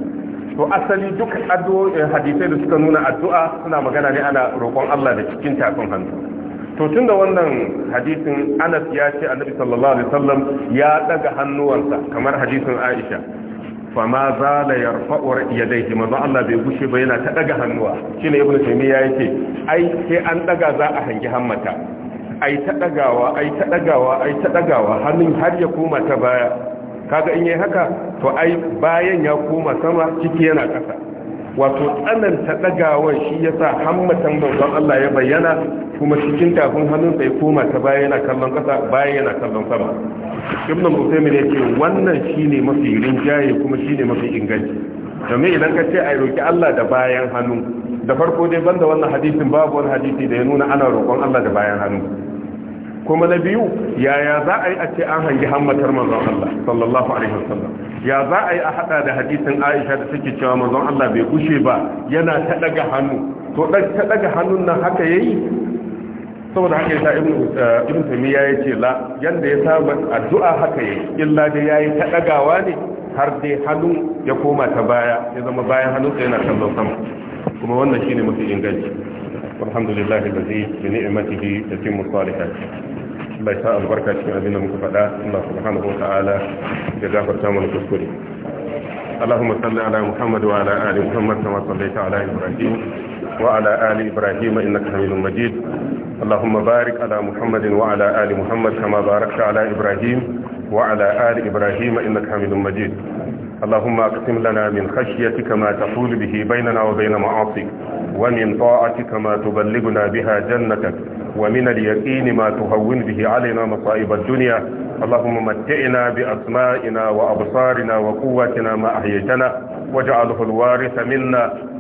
to asali duk hadisai da suka nuna addu'a suna magana ne ana roƙon Allah da cikin tafin hannu to da wannan hadisin Anas ya ce Annabi sallallahu alaihi wasallam ya daga hannuwansa kamar hadisin Aisha ma za la yarfa'u yadayhi za Allah bai gushe ba yana ta daga hannuwa shine ibnu taymiya yake ai sai an daga za a hangi hammata ai ta dagawa ai ta dagawa ai ta dagawa hannun har ya koma ta baya kaga in yayi haka to ai bayan ya koma sama ciki yana kasa wato tsananta ɗagawar shi ya sa hammatan bautan Allah ya bayyana kuma cikin tafin hannun sai koma ta baya yana kallon ƙasa baya yana kallon sama ibn musaimin ya ce wannan shi ne mafi rinjaye kuma shi ne mafi inganci domin idan ka ce a roki Allah da bayan hannu da farko dai banda wannan hadisin babu wani hadisi da ya nuna ana roƙon Allah da bayan hannu kuma na biyu yaya za a yi a ce an hangi hammatar manzon Allah sallallahu alaihi wasallam ya za a yi a hada da hadisin Aisha da take cewa manzon Allah bai gushe ba yana ta daga hannu to dan ta daga hannun nan haka yayi saboda haka yasa ibn eh, ibn tamiya yace la yanda ya saba addu'a haka yayi illa da yayi ta dagawa ne har dai hannun ya koma ta baya ya zama bayan hannun sa yana kallon sama kuma wannan shine mafi inganci walhamdulillahi allazi bi dakin tatimmu salihati bai sa albarka cikin abin da muka faɗa Allah subhanahu wataala ya gafarta mana kuskure Allahumma salli ala Muhammad wa ala Muhammad kama sallaita ala Ibrahim wa ala ali Ibrahim innaka Hamidum Majid Allahumma barik ala Muhammad wa ala ali Muhammad kama barakta ala Ibrahim wa ala ali Ibrahim innaka Hamidum Majid Allahumma aqsim lana min khashyatika ma taqulu bihi bainana wa bain ma'asik ومن طاعتك ما تبلغنا بها جنتك ومن اليقين ما تهون به علينا مصائب الدنيا اللهم متئنا بأسمائنا وأبصارنا وقواتنا ما أحييتنا واجعله الوارث منا